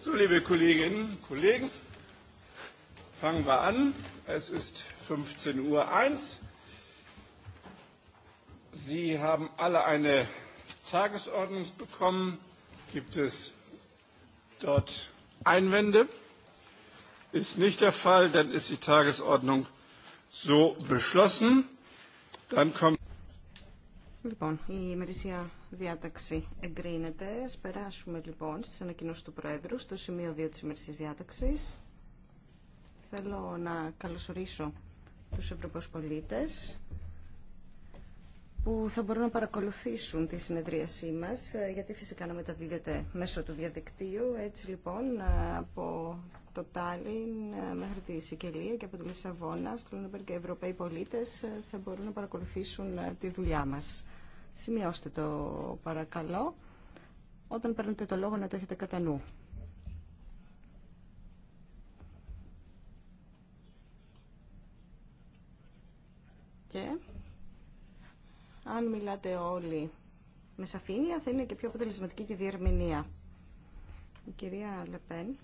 So, liebe Kolleginnen und Kollegen, fangen wir an. Es ist 15.01 Uhr. Sie haben alle eine Tagesordnung bekommen. Gibt es dort Einwände? Ist nicht der Fall, dann ist die Tagesordnung so beschlossen. Dann kommt Λοιπόν, η ημερησία διάταξη εγκρίνεται. Ας περάσουμε λοιπόν στι ανακοινώσει του Πρόεδρου, στο σημείο 2 της ημερησίας διάταξης. Θέλω να καλωσορίσω τους Ευρωπαίους πολίτες που θα μπορούν να παρακολουθήσουν τη συνεδρίασή μας, ε, γιατί φυσικά να μεταδίδεται μέσω του διαδικτύου. Έτσι λοιπόν, ε, από το Τάλιν ε, μέχρι τη Σικελία και από τη Λισαβόνα, στο και Ευρωπαίοι πολίτες θα μπορούν να παρακολουθήσουν τη δουλειά μας. Σημειώστε το παρακαλώ. Όταν παίρνετε το λόγο να το έχετε κατά νου. Και αν μιλάτε όλοι με σαφήνεια θα είναι και πιο αποτελεσματική και διερμηνία. Η κυρία Λεπέν.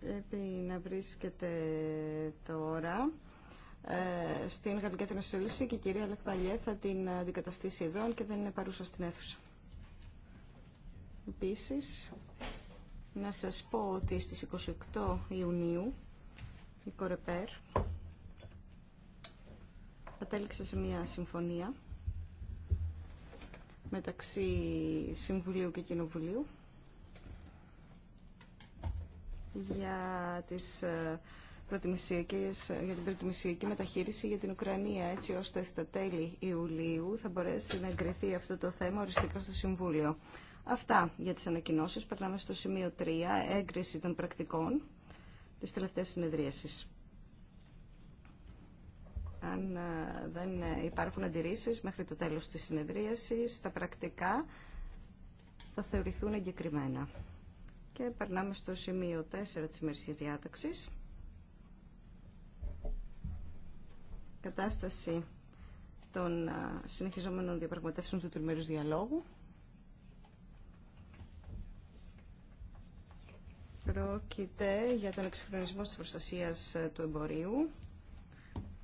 Πρέπει να βρίσκεται τώρα ε, στην Γαλλική Εθνοσυλλήψη και η κυρία Λεκπαλιέ θα την αντικαταστήσει εδώ και δεν είναι παρούσα στην αίθουσα. Επίσης, να σας πω ότι στις 28 Ιουνίου η Κορεπέρ κατέληξε σε μια συμφωνία μεταξύ Συμβουλίου και Κοινοβουλίου για τις ε, για την προτιμησιακή μεταχείριση για την Ουκρανία, έτσι ώστε στα τέλη Ιουλίου θα μπορέσει να εγκριθεί αυτό το θέμα οριστικά στο Συμβούλιο. Αυτά για τις ανακοινώσεις. Περνάμε στο σημείο 3, έγκριση των πρακτικών της τελευταίας συνεδρίασης. Αν ε, δεν υπάρχουν αντιρρήσεις μέχρι το τέλος της συνεδρίασης, τα πρακτικά θα θεωρηθούν εγκεκριμένα. Και περνάμε στο σημείο 4 της ημερησίας διάταξης. κατάσταση των συνεχιζόμενων διαπραγματεύσεων του τριμερούς διαλόγου. Πρόκειται για τον εξυγχρονισμό της προστασίας του εμπορίου.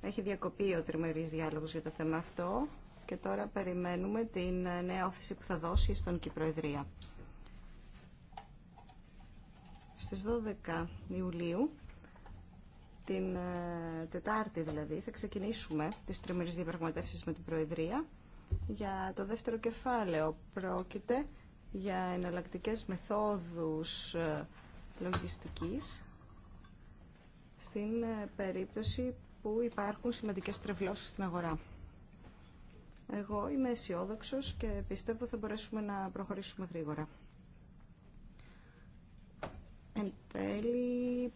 Έχει διακοπεί ο τριμερής διάλογος για το θέμα αυτό και τώρα περιμένουμε την νέα όθηση που θα δώσει στον Κυπροεδρία. Στις 12 Ιουλίου την ε, Τετάρτη δηλαδή θα ξεκινήσουμε τις τριμερείς διαπραγματεύσεις με την Προεδρία. Για το δεύτερο κεφάλαιο πρόκειται για εναλλακτικές μεθόδους ε, λογιστικής στην ε, περίπτωση που υπάρχουν σημαντικές τρευλώσεις στην αγορά. Εγώ είμαι αισιόδοξο και πιστεύω θα μπορέσουμε να προχωρήσουμε γρήγορα. Εν τέλει,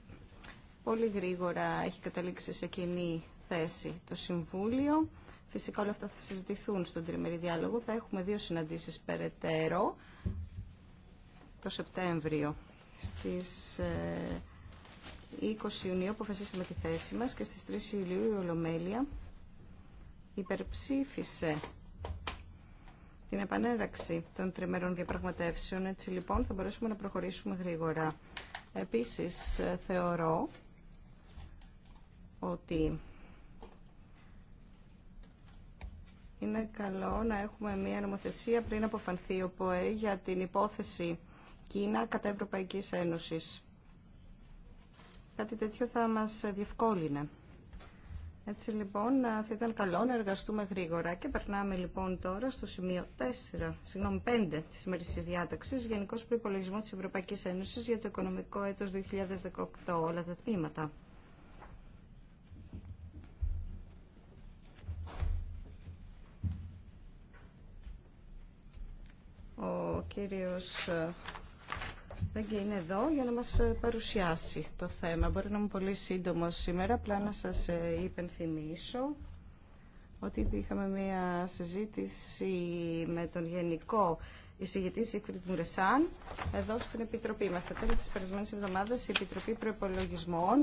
Πολύ γρήγορα έχει καταλήξει σε κοινή θέση το Συμβούλιο. Φυσικά όλα αυτά θα συζητηθούν στον τριμερή διάλογο. Θα έχουμε δύο συναντήσεις περαιτέρω το Σεπτέμβριο στις 20 ε, Ιουνίου αποφασίσαμε τη θέση μας και στις 3 Ιουλίου η Ολομέλεια υπερψήφισε την επανέραξη των τριμερών διαπραγματεύσεων. Έτσι λοιπόν θα μπορέσουμε να προχωρήσουμε γρήγορα. Επίσης ε, θεωρώ ότι είναι καλό να έχουμε μια νομοθεσία πριν αποφανθεί ο ΠΟΕ για την υπόθεση Κίνα κατά Ευρωπαϊκής Ένωσης. Κάτι τέτοιο θα μας διευκόλυνε. Έτσι λοιπόν θα ήταν καλό να εργαστούμε γρήγορα και περνάμε λοιπόν τώρα στο σημείο 4, συγγνώμη 5 της σημερινής διάταξης, Γενικός Προϋπολογισμός της Ευρωπαϊκής Ένωσης για το οικονομικό έτος 2018, όλα τα τμήματα. Ο κύριος Μπέγκε ε, είναι εδώ για να μας ε, παρουσιάσει το θέμα. Μπορεί να είμαι πολύ σύντομο σήμερα, απλά να σας ε, υπενθυμίσω ότι είχαμε μια συζήτηση με τον Γενικό εισηγητή Σίκφριντ Μουρεσάν εδώ στην Επιτροπή μας. Στα τέλη της περασμένης εβδομάδας η Επιτροπή Προπολογισμών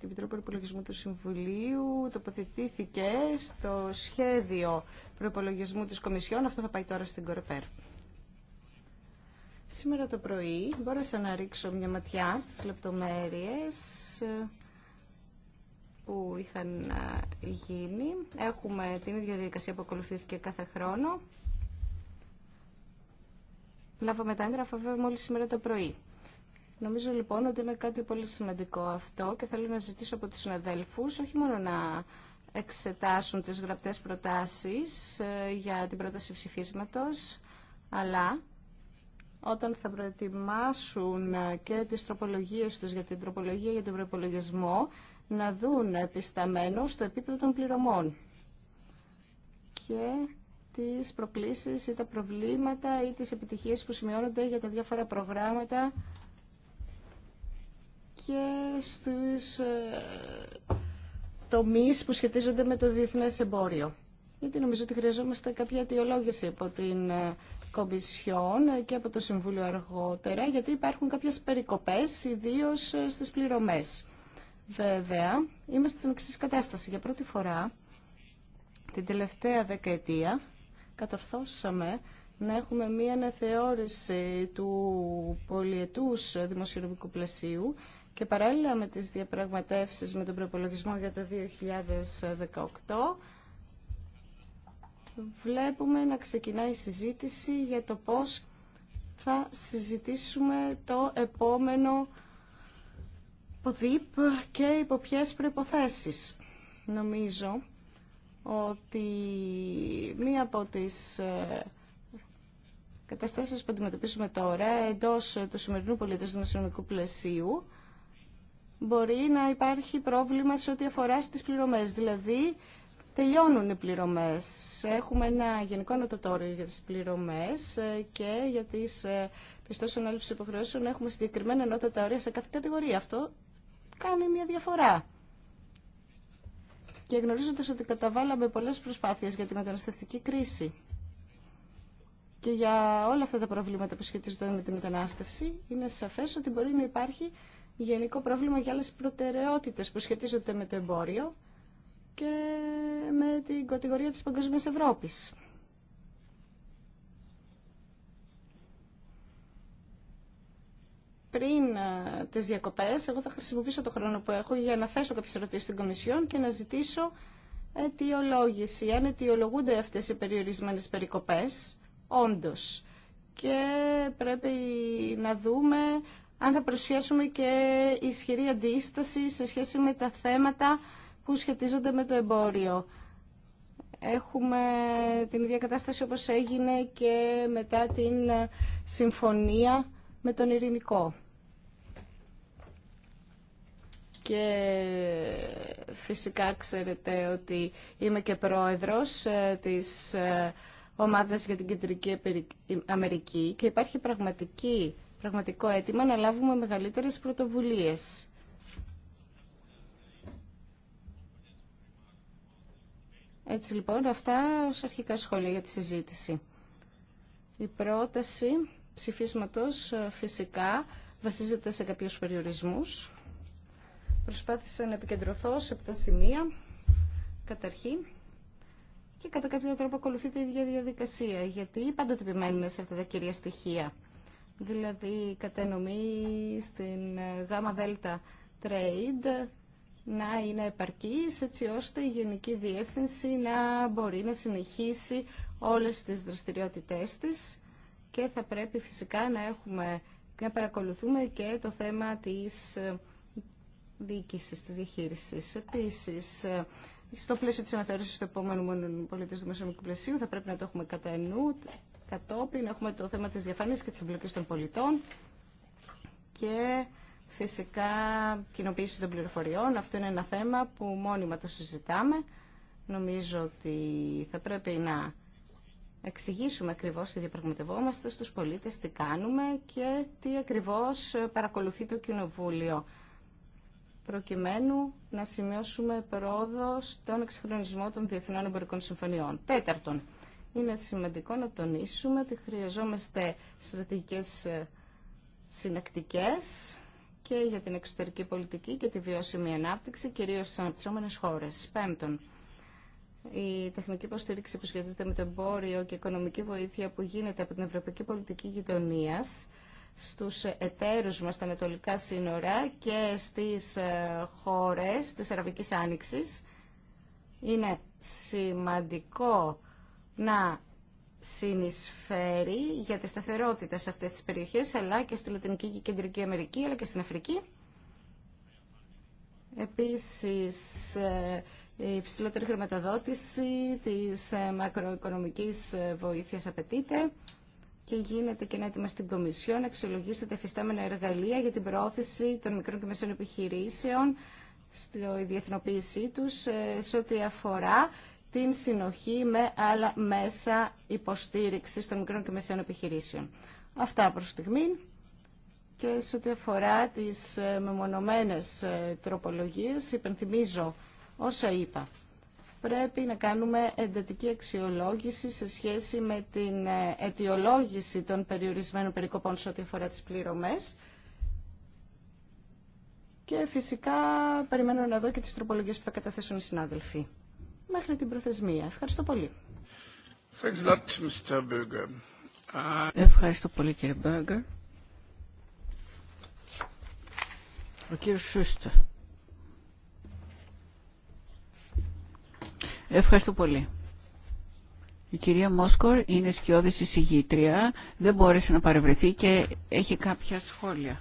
του Επιτρόπου Προπολογισμού του Συμβουλίου τοποθετήθηκε στο σχέδιο προπολογισμού της Κομισιόν. Αυτό θα πάει τώρα στην Κορεπέρ. Σήμερα το πρωί μπόρεσα να ρίξω μια ματιά στις λεπτομέρειες ε, που είχαν ε, γίνει. Έχουμε την ίδια διαδικασία που ακολουθήθηκε κάθε χρόνο. Λάβαμε τα έγγραφα βέβαια μόλις σήμερα το πρωί. Νομίζω λοιπόν ότι είναι κάτι πολύ σημαντικό αυτό και θέλω να ζητήσω από τους συναδέλφους όχι μόνο να εξετάσουν τις γραπτές προτάσεις ε, για την πρόταση ψηφίσματος, αλλά όταν θα προετοιμάσουν ε, και τις τροπολογίες τους για την τροπολογία για τον προπολογισμό, να δουν επισταμένο στο επίπεδο των πληρωμών και τις προκλήσεις ή τα προβλήματα ή τις επιτυχίες που σημειώνονται για τα διάφορα προγράμματα και στους ε, τομείς που σχετίζονται με το διεθνές εμπόριο. Γιατί νομίζω ότι χρειαζόμαστε κάποια αιτιολόγηση από την ε, Κομισιόν και από το Συμβούλιο αργότερα, γιατί υπάρχουν κάποιες περικοπές, ιδίως ε, στις πληρωμές. Βέβαια, είμαστε στην εξή κατάσταση. Για πρώτη φορά, την τελευταία δεκαετία, κατορθώσαμε να έχουμε μία αναθεώρηση του πολιετούς δημοσιονομικού πλαισίου και παράλληλα με τις διαπραγματεύσεις με τον προπολογισμό για το 2018, βλέπουμε να ξεκινάει η συζήτηση για το πώς θα συζητήσουμε το επόμενο ΠΟΔΙΠ και υπό ποιες προϋποθέσεις. Νομίζω ότι μία από τις ε, καταστάσεις που αντιμετωπίσουμε τώρα εντός του σημερινού πολιτισμού δημοσιονομικού πλαισίου μπορεί να υπάρχει πρόβλημα σε ό,τι αφορά στις πληρωμές. Δηλαδή, τελειώνουν οι πληρωμές. Έχουμε ένα γενικό νοτοτόριο για τις πληρωμές ε, και για τις ε, πιστώσεις ανάληψης υποχρεώσεων έχουμε συγκεκριμένα νότα όρια σε κάθε κατηγορία. Αυτό κάνει μια διαφορά. Και γνωρίζοντα ότι καταβάλαμε πολλές προσπάθειες για τη μεταναστευτική κρίση και για όλα αυτά τα προβλήματα που σχετίζονται με τη μετανάστευση, είναι σαφές ότι μπορεί να υπάρχει γενικό πρόβλημα για άλλες προτεραιότητες που σχετίζονται με το εμπόριο και με την κατηγορία της παγκοσμίας Ευρώπης. πριν ε, τις διακοπές, εγώ θα χρησιμοποιήσω το χρόνο που έχω για να θέσω κάποιες ερωτήσεις στην Κομισιόν και να ζητήσω αιτιολόγηση. Αν αιτιολογούνται αυτές οι περιορισμένες περικοπές, όντως. Και πρέπει να δούμε αν θα παρουσιάσουμε και ισχυρή αντίσταση σε σχέση με τα θέματα που σχετίζονται με το εμπόριο. Έχουμε την ίδια κατάσταση όπως έγινε και μετά την συμφωνία με τον Ειρηνικό. Και φυσικά ξέρετε ότι είμαι και πρόεδρος ε, της ε, ομάδας για την Κεντρική Αμερική και υπάρχει πραγματική πραγματικό αίτημα να λάβουμε μεγαλύτερες πρωτοβουλίες. Έτσι λοιπόν, αυτά ως αρχικά σχόλια για τη συζήτηση. Η πρόταση ψηφίσματος ε, φυσικά βασίζεται σε κάποιους περιορισμούς. Προσπάθησα να επικεντρωθώ σε αυτά τα σημεία, καταρχήν, και κατά κάποιο τρόπο ακολουθεί η ίδια διαδικασία, γιατί πάντοτε επιμένουμε σε αυτά τα κυρία στοιχεία δηλαδή η κατανομή στην ε, γάμα δέλτα trade να είναι επαρκής έτσι ώστε η Γενική Διεύθυνση να μπορεί να συνεχίσει όλες τις δραστηριότητές της και θα πρέπει φυσικά να, έχουμε, να παρακολουθούμε και το θέμα της ε, διοίκησης, της διαχείρισης. Επίσης, ε, στο πλαίσιο της αναφέρουσης του επόμενου πολιτισμού δημοσιονομικού πλαισίου θα πρέπει να το έχουμε κατά νου Κατόπιν έχουμε το θέμα της διαφάνειας και της εμπλοκής των πολιτών και φυσικά κοινοποίηση των πληροφοριών. Αυτό είναι ένα θέμα που μόνιμα το συζητάμε. Νομίζω ότι θα πρέπει να εξηγήσουμε ακριβώς τι διαπραγματευόμαστε στους πολίτες, τι κάνουμε και τι ακριβώς παρακολουθεί το Κοινοβούλιο προκειμένου να σημειώσουμε πρόοδο στον εξυγχρονισμό των διεθνών εμπορικών συμφωνιών. Τέταρτον, είναι σημαντικό να τονίσουμε ότι χρειαζόμαστε στρατηγικές ε, συνεκτικές και για την εξωτερική πολιτική και τη βιώσιμη ανάπτυξη, κυρίως στις αναπτυσσόμενες χώρες. Πέμπτον, η τεχνική υποστήριξη που σχετίζεται με το εμπόριο και η οικονομική βοήθεια που γίνεται από την Ευρωπαϊκή Πολιτική Γειτονία στους εταίρους μας στα ανατολικά σύνορα και στις ε, χώρες της Αραβικής Άνοιξης. Είναι σημαντικό να συνεισφέρει για τη σταθερότητα σε αυτές τις περιοχές, αλλά και στη Λατινική και Κεντρική Αμερική, αλλά και στην Αφρική. Επίσης, ε, η υψηλότερη χρηματοδότηση της ε, μακροοικονομικής ε, βοήθειας απαιτείται και γίνεται και ένα έτοιμα στην Κομισιό να αξιολογήσει τα εφιστάμενα εργαλεία για την προώθηση των μικρών και μεσών επιχειρήσεων στη διεθνοποίησή τους σε ό,τι αφορά την συνοχή με άλλα μέσα υποστήριξης των μικρών και μεσαίων επιχειρήσεων. Αυτά προς στιγμή και σε ό,τι αφορά τις ε, μεμονωμένες ε, τροπολογίες υπενθυμίζω όσα είπα. Πρέπει να κάνουμε εντατική αξιολόγηση σε σχέση με την ε, αιτιολόγηση των περιορισμένων περικοπών σε ό,τι αφορά τις πληρωμές και φυσικά περιμένω να δω και τις τροπολογίες που θα καταθέσουν οι συνάδελφοι μέχρι την προθεσμία. Ευχαριστώ πολύ. Uh, Ευχαριστώ πολύ κύριε Μπέργκερ. Ο κύριος Σούστα. Ευχαριστώ πολύ. Η κυρία Μόσκορ είναι σκιώδης εισηγήτρια, δεν μπόρεσε να παρευρεθεί και έχει κάποια σχόλια.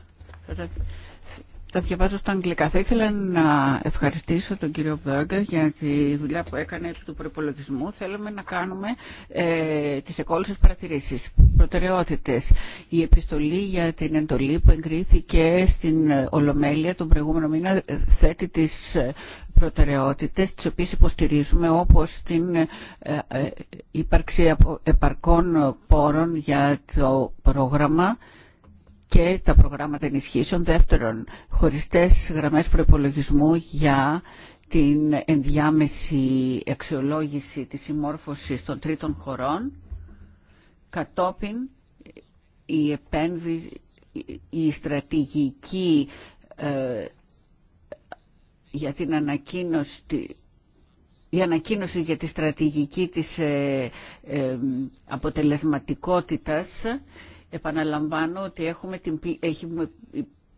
Θα διαβάζω στα αγγλικά. Θα ήθελα να ευχαριστήσω τον κύριο Μπέργκερ για τη δουλειά που έκανε του προπολογισμού. Θέλουμε να κάνουμε ε, τις εκόλουσες παρατηρήσεις. Προτεραιότητες. Η επιστολή για την εντολή που εγκρίθηκε στην Ολομέλεια τον προηγούμενο μήνα θέτει τις ε, προτεραιότητες, τις οποίες υποστηρίζουμε, όπως την ε, ε, ύπαρξη επαρκών πόρων για το πρόγραμμα και τα προγράμματα ενισχύσεων. Δεύτερον, χωριστές γραμμές προπολογισμού για την ενδιάμεση αξιολόγηση της συμμόρφωσης των τρίτων χωρών. Κατόπιν, η, επένδυση, η στρατηγική ε, για την ανακοίνωση για τη στρατηγική της ε, ε, αποτελεσματικότητας Επαναλαμβάνω ότι έχουμε την, έχουμε,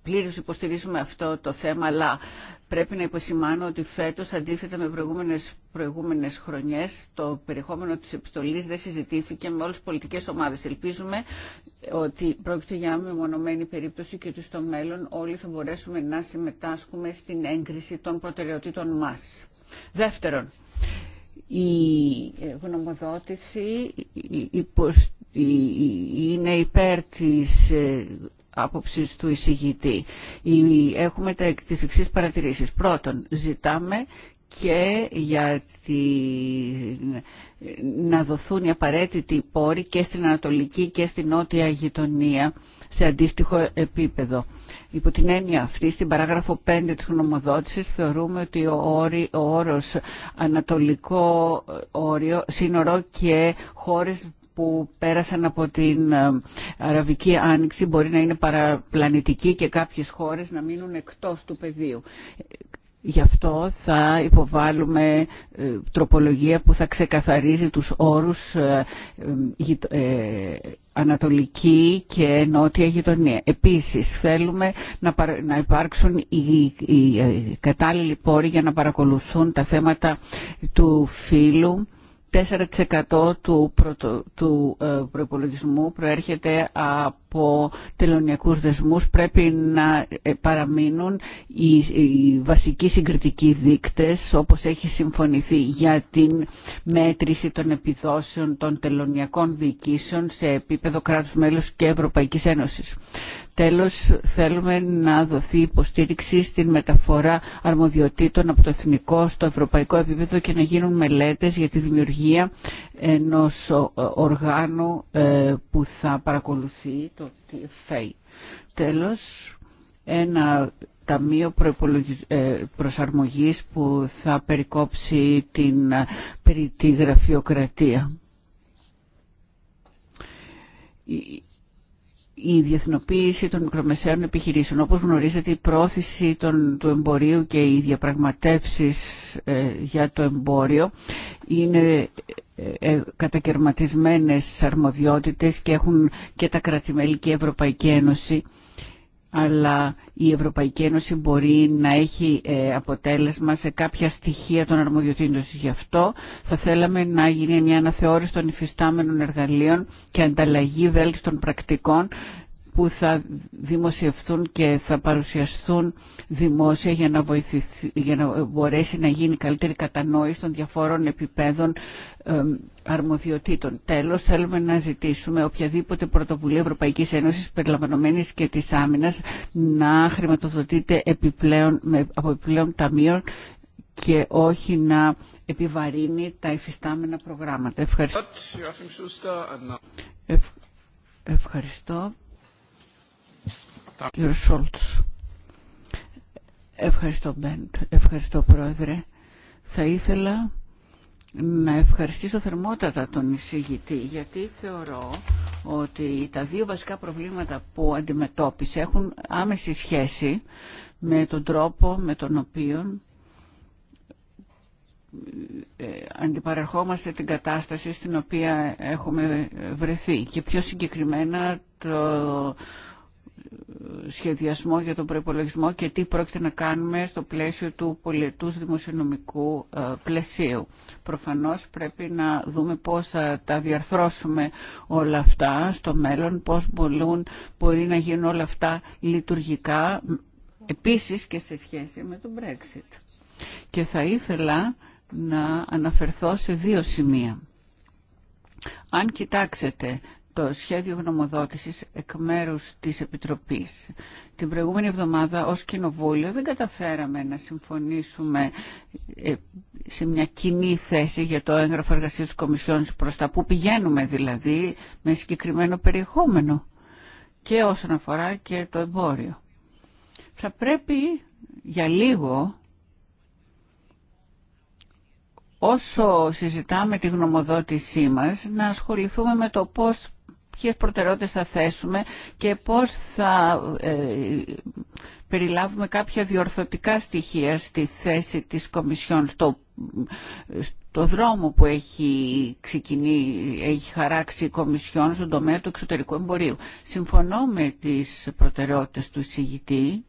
πλήρως υποστηρίζουμε αυτό το θέμα, αλλά πρέπει να υποσημάνω ότι φέτος, αντίθετα με προηγούμενες, προηγούμενες χρονιές, το περιεχόμενο της επιστολής δεν συζητήθηκε με όλες τις πολιτικές ομάδες. Ελπίζουμε ότι πρόκειται για μια μονομένη περίπτωση και ότι στο μέλλον όλοι θα μπορέσουμε να συμμετάσχουμε στην έγκριση των προτεραιοτήτων μας. Δεύτερον, η γνωμοδότηση υποστηρίζει είναι υπέρ της ε, άποψης του εισηγητή. Έχουμε τις εξής παρατηρήσεις. Πρώτον, ζητάμε και για τη... να δοθούν οι απαραίτητοι πόροι και στην Ανατολική και στην Νότια γειτονία σε αντίστοιχο επίπεδο. Υπό την έννοια αυτή, στην παράγραφο 5 της γνωμοδότησης θεωρούμε ότι ο, όρι, όρος ανατολικό όριο, σύνορο και χώρες που πέρασαν από την ε, Αραβική Άνοιξη μπορεί να είναι παραπλανητική και κάποιες χώρες να μείνουν εκτός του πεδίου. Γι' αυτό θα υποβάλουμε ε, τροπολογία που θα ξεκαθαρίζει τους όρους ε, ανατολική και νότια γειτονία. Επίσης, θέλουμε να υπάρξουν οι κατάλληλοι πόροι για να παρακολουθούν τα θέματα του φύλου 4% του, πρωτο, ε, προϋπολογισμού προέρχεται από από τελωνιακούς δεσμούς πρέπει να ε, παραμείνουν οι, βασικοί συγκριτικοί δείκτες όπως έχει συμφωνηθεί για την μέτρηση των επιδόσεων των τελωνιακών διοικήσεων σε επίπεδο κράτους μέλους και Ευρωπαϊκής Ένωσης. Τέλος, θέλουμε να δοθεί υποστήριξη στην μεταφορά αρμοδιοτήτων από το εθνικό στο ευρωπαϊκό επίπεδο και να γίνουν μελέτες για τη δημιουργία ενός οργάνου ε, που θα παρακολουθεί το TFA. Τέλος, ένα ταμείο ε, προσαρμογής που θα περικόψει την περιττή γραφειοκρατία η διεθνοποίηση των μικρομεσαίων επιχειρήσεων. Όπως γνωρίζετε, η πρόθεση των, του εμπορίου και οι διαπραγματεύσεις ε, για το εμπόριο είναι ε, ε, κατακαιρματισμένες αρμοδιότητες και έχουν και τα κρατημέλη και η Ευρωπαϊκή Ένωση αλλά η Ευρωπαϊκή Ένωση μπορεί να έχει ε, αποτέλεσμα σε κάποια στοιχεία των αρμοδιοτήτων Γι' αυτό θα θέλαμε να γίνει μια αναθεώρηση των υφιστάμενων εργαλείων και ανταλλαγή βέλτιστων πρακτικών που θα δημοσιευτούν και θα παρουσιαστούν δημόσια για να, μπορέσει να γίνει καλύτερη κατανόηση των διαφόρων επιπέδων αρμοδιοτήτων. Τέλος, θέλουμε να ζητήσουμε οποιαδήποτε πρωτοβουλία Ευρωπαϊκής Ένωσης περιλαμβανομένης και της άμυνας να χρηματοδοτείται επιπλέον, από επιπλέον ταμείων και όχι να επιβαρύνει τα υφιστάμενα προγράμματα. Ευχαριστώ. Ευχαριστώ. Κύριο Σόλτς. Ευχαριστώ, Μπέντ. Ευχαριστώ, Πρόεδρε. Θα ήθελα να ευχαριστήσω θερμότατα τον εισηγητή, γιατί θεωρώ ότι τα δύο βασικά προβλήματα που αντιμετώπισε έχουν άμεση σχέση με τον τρόπο με τον οποίο ε, αντιπαρερχόμαστε την κατάσταση στην οποία έχουμε βρεθεί και πιο συγκεκριμένα το σχεδιασμό για τον προπολογισμό και τι πρόκειται να κάνουμε στο πλαίσιο του πολιετούς δημοσιονομικού ε, πλαισίου. Προφανώς πρέπει να δούμε πώς θα τα διαρθρώσουμε όλα αυτά στο μέλλον, πώς μπορούν, μπορεί να γίνουν όλα αυτά λειτουργικά, επίσης και σε σχέση με τον Brexit. Και θα ήθελα να αναφερθώ σε δύο σημεία. Αν κοιτάξετε το σχέδιο γνωμοδότησης εκ μέρους της Επιτροπής. Την προηγούμενη εβδομάδα ως Κοινοβούλιο δεν καταφέραμε να συμφωνήσουμε ε, σε μια κοινή θέση για το έγγραφο εργασία της Κομισιόν προς τα που πηγαίνουμε δηλαδή με συγκεκριμένο περιεχόμενο και όσον αφορά και το εμπόριο. Θα πρέπει για λίγο όσο συζητάμε τη γνωμοδότησή μας να ασχοληθούμε με το πώς ποιες προτεραιότητες θα θέσουμε και πώς θα ε, περιλάβουμε κάποια διορθωτικά στοιχεία στη θέση της Κομισιόν, στο, στο δρόμο που έχει, ξεκινεί, έχει χαράξει η Κομισιόν στον τομέα του εξωτερικού εμπορίου. Συμφωνώ με τις προτεραιότητες του εισηγητή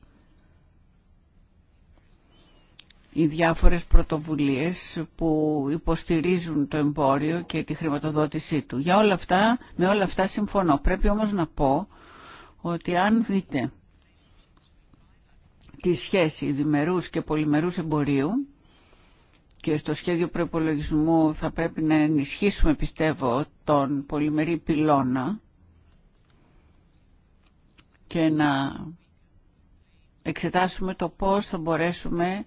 οι διάφορες πρωτοβουλίες που υποστηρίζουν το εμπόριο και τη χρηματοδότησή του. Για όλα αυτά, με όλα αυτά συμφωνώ. Πρέπει όμως να πω ότι αν δείτε τη σχέση διμερούς και πολυμερούς εμπορίου και στο σχέδιο προπολογισμού θα πρέπει να ενισχύσουμε πιστεύω τον πολυμερή πυλώνα και να εξετάσουμε το πώς θα μπορέσουμε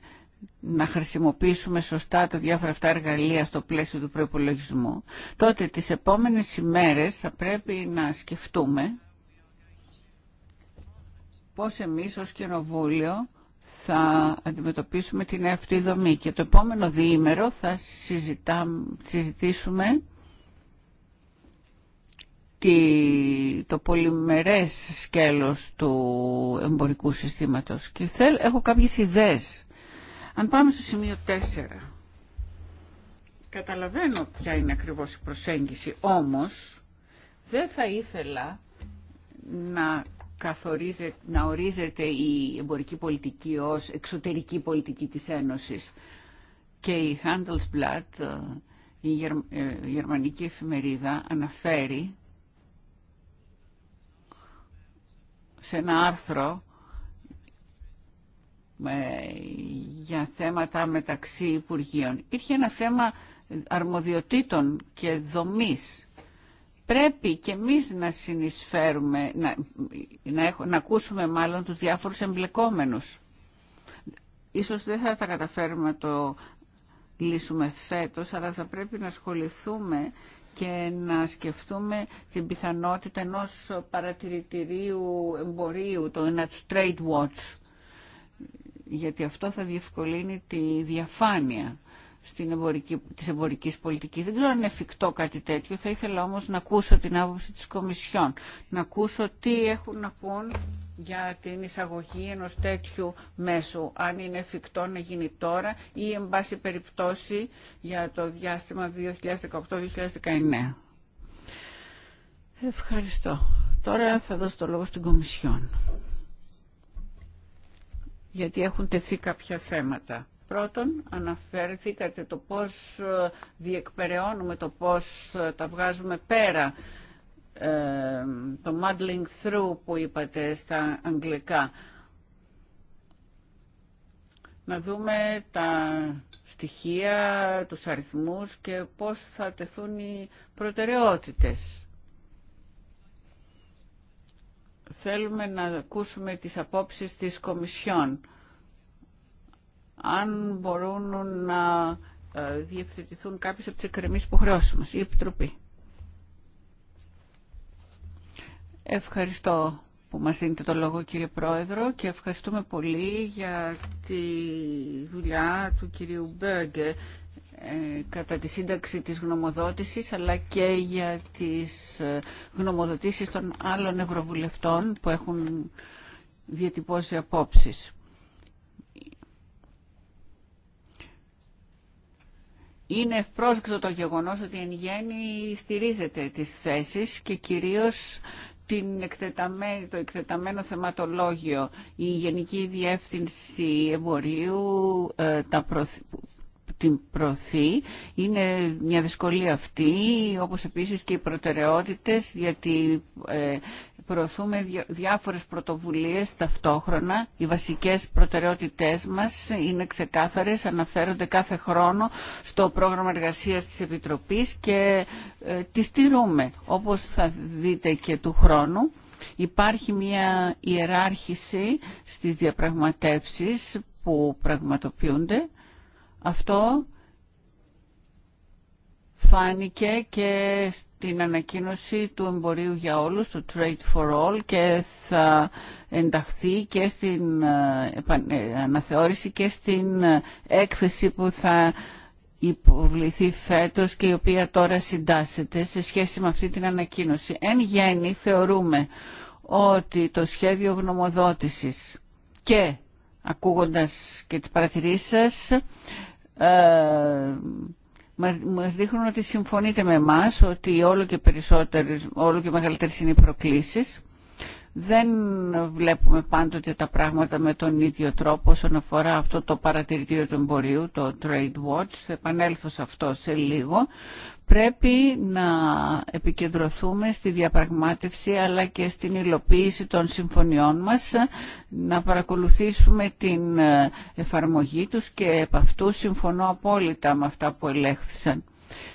να χρησιμοποιήσουμε σωστά τα διάφορα αυτά εργαλεία στο πλαίσιο του προϋπολογισμού, τότε τις επόμενες ημέρες θα πρέπει να σκεφτούμε πώς εμείς ως Κοινοβούλιο θα αντιμετωπίσουμε την αυτή δομή. Και το επόμενο διήμερο θα συζητά, συζητήσουμε το πολυμερές σκέλος του εμπορικού συστήματος. Και έχω κάποιες ιδέες αν πάμε στο σημείο 4, καταλαβαίνω ποια είναι ακριβώς η προσέγγιση, όμως δεν θα ήθελα να καθορίζεται, να ορίζεται η εμπορική πολιτική ως εξωτερική πολιτική της Ένωσης. Και η Handelsblatt, ε, ε, η γερμανική εφημερίδα, αναφέρει σε ένα άρθρο ε, για θέματα μεταξύ Υπουργείων. Υπήρχε ένα θέμα αρμοδιοτήτων και δομής. Πρέπει και εμείς να συνεισφέρουμε, να, να, έχω, να ακούσουμε μάλλον τους διάφορους εμπλεκόμενους. Ίσως δεν θα τα καταφέρουμε να το λύσουμε φέτος, αλλά θα πρέπει να ασχοληθούμε και να σκεφτούμε την πιθανότητα ενός παρατηρητηρίου εμπορίου, το ένα Trade Watch γιατί αυτό θα διευκολύνει τη διαφάνεια στην εμπορική, της εμπορικής πολιτικής. Δεν ξέρω αν είναι εφικτό κάτι τέτοιο, θα ήθελα όμως να ακούσω την άποψη της Κομισιόν, να ακούσω τι έχουν να πούν για την εισαγωγή ενός τέτοιου μέσου, αν είναι εφικτό να γίνει τώρα ή εν πάση περιπτώσει για το διάστημα 2018-2019. Ευχαριστώ. Τώρα θα δώσω το λόγο στην Κομισιόν γιατί έχουν τεθεί κάποια θέματα. Πρώτον, αναφέρθηκατε το πώς ε, διεκπεραιώνουμε, το πώς ε, τα βγάζουμε πέρα, ε, το muddling through που είπατε στα αγγλικά. Να δούμε τα στοιχεία, τους αριθμούς και πώς θα τεθούν οι προτεραιότητες θέλουμε να ακούσουμε τις απόψεις της Κομισιόν. Αν μπορούν να ε, διευθετηθούν κάποιες από τις εκκρεμίες που μας, η Επιτροπή. Ευχαριστώ που μας δίνετε το λόγο κύριε Πρόεδρο και ευχαριστούμε πολύ για τη δουλειά του κυρίου Μπέγκε κατά τη σύνταξη της γνωμοδότησης αλλά και για τις ε, γνωμοδοτήσεις των άλλων ευρωβουλευτών που έχουν διατυπώσει απόψεις. Είναι ευπρόσδεκτο το γεγονός ότι εν γέννη στηρίζεται τις θέσεις και κυρίως την το εκτεταμένο θεματολόγιο. Η Γενική Διεύθυνση Εμπορίου ε, τα την Είναι μια δυσκολία αυτή, όπως επίσης και οι προτεραιότητες, γιατί ε, προωθούμε διάφορες πρωτοβουλίες ταυτόχρονα. Οι βασικές προτεραιότητές μας είναι ξεκάθαρες, αναφέρονται κάθε χρόνο στο πρόγραμμα εργασίας της Επιτροπής και ε, τις τηρούμε, όπως θα δείτε και του χρόνου. Υπάρχει μια ιεράρχηση στις διαπραγματεύσεις που πραγματοποιούνται αυτό φάνηκε και στην ανακοίνωση του εμπορίου για όλους, του Trade for All και θα ενταχθεί και στην ε, ε, αναθεώρηση και στην ε, έκθεση που θα υποβληθεί φέτος και η οποία τώρα συντάσσεται σε σχέση με αυτή την ανακοίνωση. Εν γέννη θεωρούμε ότι το σχέδιο γνωμοδότησης και ακούγοντας και τις παρατηρήσεις σας ε, μας, μας δείχνουν ότι συμφωνείτε με μάς ότι όλο και περισσότερες, όλο και μεγαλύτερες είναι οι προκλήσεις. Δεν βλέπουμε πάντοτε τα πράγματα με τον ίδιο τρόπο όσον αφορά αυτό το παρατηρητήριο του εμπορίου, το Trade Watch. Θα επανέλθω σε αυτό σε λίγο. Πρέπει να επικεντρωθούμε στη διαπραγμάτευση αλλά και στην υλοποίηση των συμφωνιών μας, να παρακολουθήσουμε την ε, εφαρμογή τους και επ' αυτού συμφωνώ απόλυτα με αυτά που ελέγχθησαν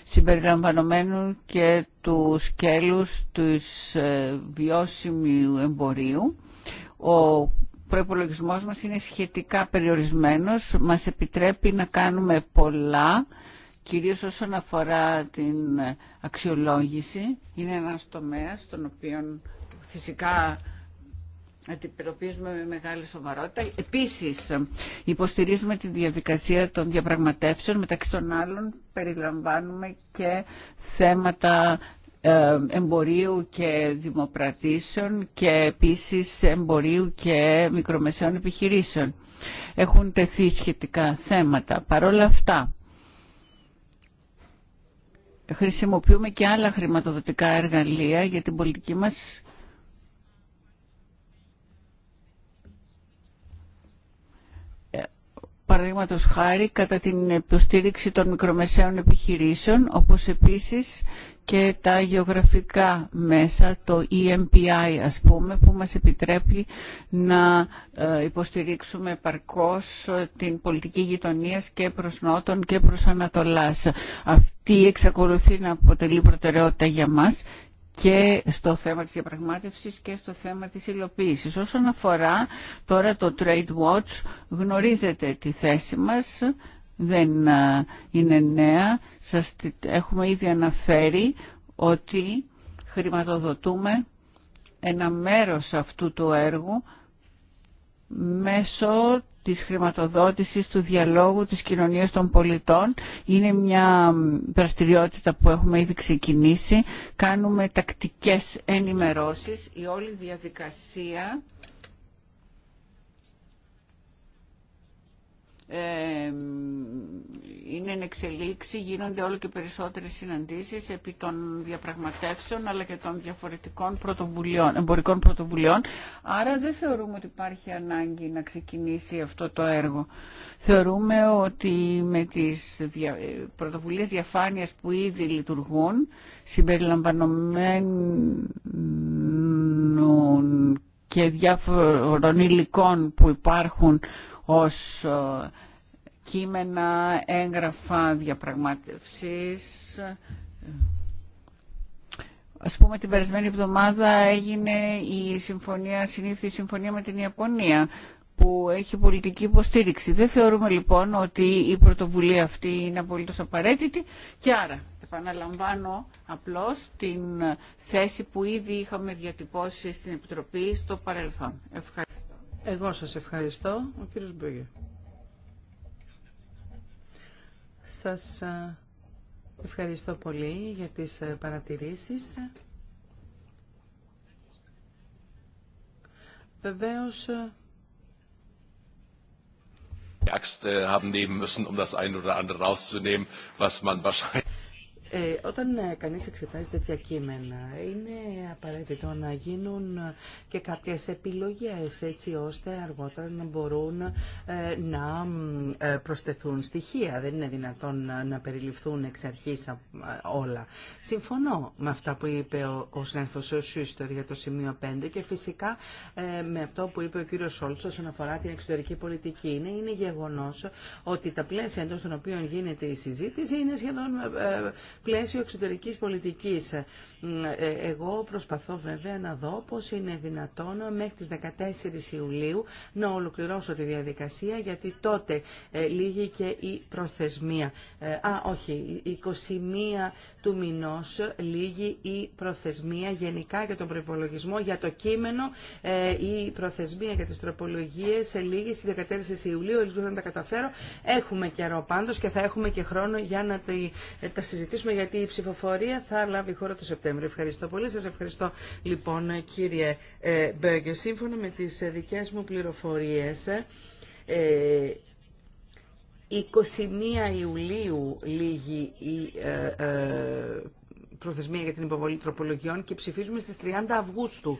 συμπεριλαμβανομένου και του σκέλους του ε, βιώσιμου εμπορίου. Ο προϋπολογισμός μας είναι σχετικά περιορισμένος, μας επιτρέπει να κάνουμε πολλά κυρίως όσον αφορά την αξιολόγηση, είναι ένας τομέας τον οποίο φυσικά αντιμετωπίζουμε με μεγάλη σοβαρότητα. Επίσης, υποστηρίζουμε τη διαδικασία των διαπραγματεύσεων. Μεταξύ των άλλων, περιλαμβάνουμε και θέματα ε, εμπορίου και δημοπρατήσεων και επίσης εμπορίου και μικρομεσαίων επιχειρήσεων. Έχουν τεθεί σχετικά θέματα. Παρ' όλα αυτά, χρησιμοποιούμε και άλλα χρηματοδοτικά εργαλεία για την πολιτική μας ε, παραδείγματο χάρη κατά την υποστήριξη των μικρομεσαίων επιχειρήσεων, όπως επίσης και τα γεωγραφικά μέσα, το EMPI ας πούμε, που μας επιτρέπει να ε, υποστηρίξουμε παρκώς ε, την πολιτική γειτονίας και προς και προς Ανατολάς. Αυτή εξακολουθεί να αποτελεί προτεραιότητα για μας και στο θέμα της διαπραγμάτευσης και στο θέμα της υλοποίησης. Όσον αφορά τώρα το Trade Watch, γνωρίζετε τη θέση μας δεν είναι νέα. Σας έχουμε ήδη αναφέρει ότι χρηματοδοτούμε ένα μέρος αυτού του έργου μέσω της χρηματοδότησης του διαλόγου της κοινωνίας των πολιτών. Είναι μια δραστηριότητα που έχουμε ήδη ξεκινήσει. Κάνουμε τακτικές ενημερώσεις. Η όλη διαδικασία είναι εν εξελίξη, γίνονται όλο και περισσότερες συναντήσεις επί των διαπραγματεύσεων αλλά και των διαφορετικών εμπορικών πρωτοβουλίων. Άρα δεν θεωρούμε ότι υπάρχει ανάγκη να ξεκινήσει αυτό το έργο. Θεωρούμε ότι με τις δια... Ε, πρωτοβουλίες διαφάνειας που ήδη λειτουργούν συμπεριλαμβανομένων και διάφορων υλικών που υπάρχουν ως ε, κείμενα, έγγραφα διαπραγμάτευσης. Ας πούμε την περασμένη εβδομάδα έγινε η συμφωνία, συμφωνία με την Ιαπωνία που έχει πολιτική υποστήριξη. Δεν θεωρούμε λοιπόν ότι η πρωτοβουλία αυτή είναι απολύτως απαραίτητη και άρα επαναλαμβάνω απλώς την θέση που ήδη είχαμε διατυπώσει στην Επιτροπή στο παρελθόν. Ευχαριστώ. Εγώ σας ευχαριστώ. Ο κύριος Μπέγε. Σας ευχαριστώ πολύ για τις παρατηρήσεις. Βεβαίως... Axt haben nehmen müssen, um das eine oder andere rauszunehmen, was man wahrscheinlich ε, όταν ε, κανείς εξετάζει τέτοια κείμενα, είναι απαραίτητο να γίνουν ε, και κάποιες επιλογές, έτσι ώστε αργότερα να μπορούν να προσθεθούν στοιχεία. Δεν είναι δυνατόν να περιληφθούν εξ αρχής όλα. Συμφωνώ με αυτά που είπε ο συνάδελφος Σούστορ για το σημείο 5 και φυσικά με αυτό που είπε ο κύριος Σόλτς όσον αφορά την εξωτερική πολιτική. Είναι, είναι γεγονός ότι τα πλαίσια εντός των οποίων γίνεται η συζήτηση είναι σχεδόν πλαίσιο εξωτερικής πολιτικής. Ε, εγώ προσπαθώ βέβαια να δω πώς είναι δυνατόν μέχρι τις 14 Ιουλίου να ολοκληρώσω τη διαδικασία γιατί τότε ε, λύγει και η προθεσμία. Ε, α, όχι, 21 του μηνός λύγει η προθεσμία γενικά για τον προπολογισμό, για το κείμενο η προθεσμία για τις τροπολογίες λύγει στις 14 Ιουλίου, ελπίζω να τα καταφέρω. Έχουμε καιρό πάντως και θα έχουμε και χρόνο για να τα συζητήσουμε γιατί η ψηφοφορία θα λάβει χώρα το Σεπτέμβριο. Ευχαριστώ πολύ. Σας ευχαριστώ λοιπόν κύριε ε, Μπέγκε. Σύμφωνα με τις ε, δικές μου πληροφορίες, 21 ε, Ιουλίου λίγη η προθεσμία για την υποβολή τροπολογιών και ψηφίζουμε στις 30 Αυγούστου.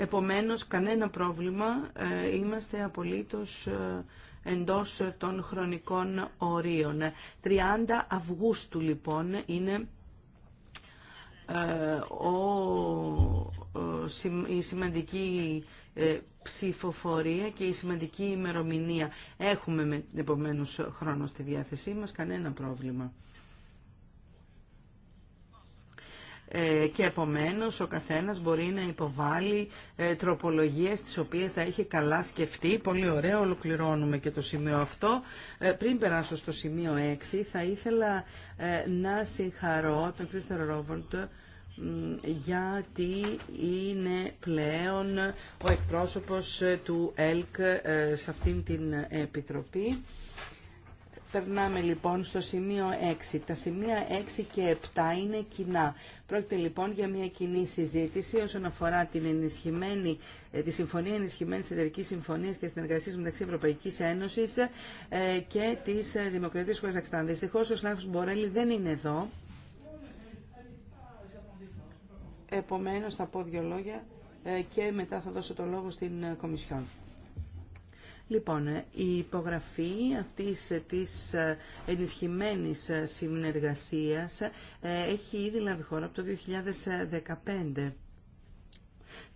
Επομένως, κανένα πρόβλημα, είμαστε απολύτως εντός των χρονικών ορίων. 30 Αυγούστου λοιπόν είναι ε, η σημαντική ε, ψηφοφορία και η σημαντική ημερομηνία. Έχουμε επομένως χρόνο στη διάθεσή μας, κανένα πρόβλημα. Ε, και επομένως ο καθένας μπορεί να υποβάλει ε, τροπολογίες τις οποίες θα έχει καλά σκεφτεί. Πολύ ωραία, ολοκληρώνουμε και το σημείο αυτό. Ε, πριν περάσω στο σημείο 6 θα ήθελα να συγχαρώ τον Κρίστερ Ρόβολτ γιατί είναι πλέον ο εκπρόσωπος του ΕΛΚ σε αυτήν την Επιτροπή. Περνάμε λοιπόν στο σημείο 6. Τα σημεία 6 και 7 είναι κοινά. Πρόκειται λοιπόν για μια κοινή συζήτηση όσον αφορά την ενισχυμένη, ε, τη Συμφωνία Ενισχυμένη Εταιρική Συμφωνία και Συνεργασία μεταξύ Ευρωπαϊκή Ένωση ε, και τη ε, Δημοκρατία του Καζακστάν. Δυστυχώ ο Σλάχο Μπορέλη δεν είναι εδώ. Επομένω θα πω δύο λόγια και μετά θα δώσω το λόγο στην Κομισιόν. Λοιπόν, ε, η υπογραφή αυτής ε, της ε, ενισχυμένης συνεργασίας έχει ήδη λάβει χώρα από το 2015.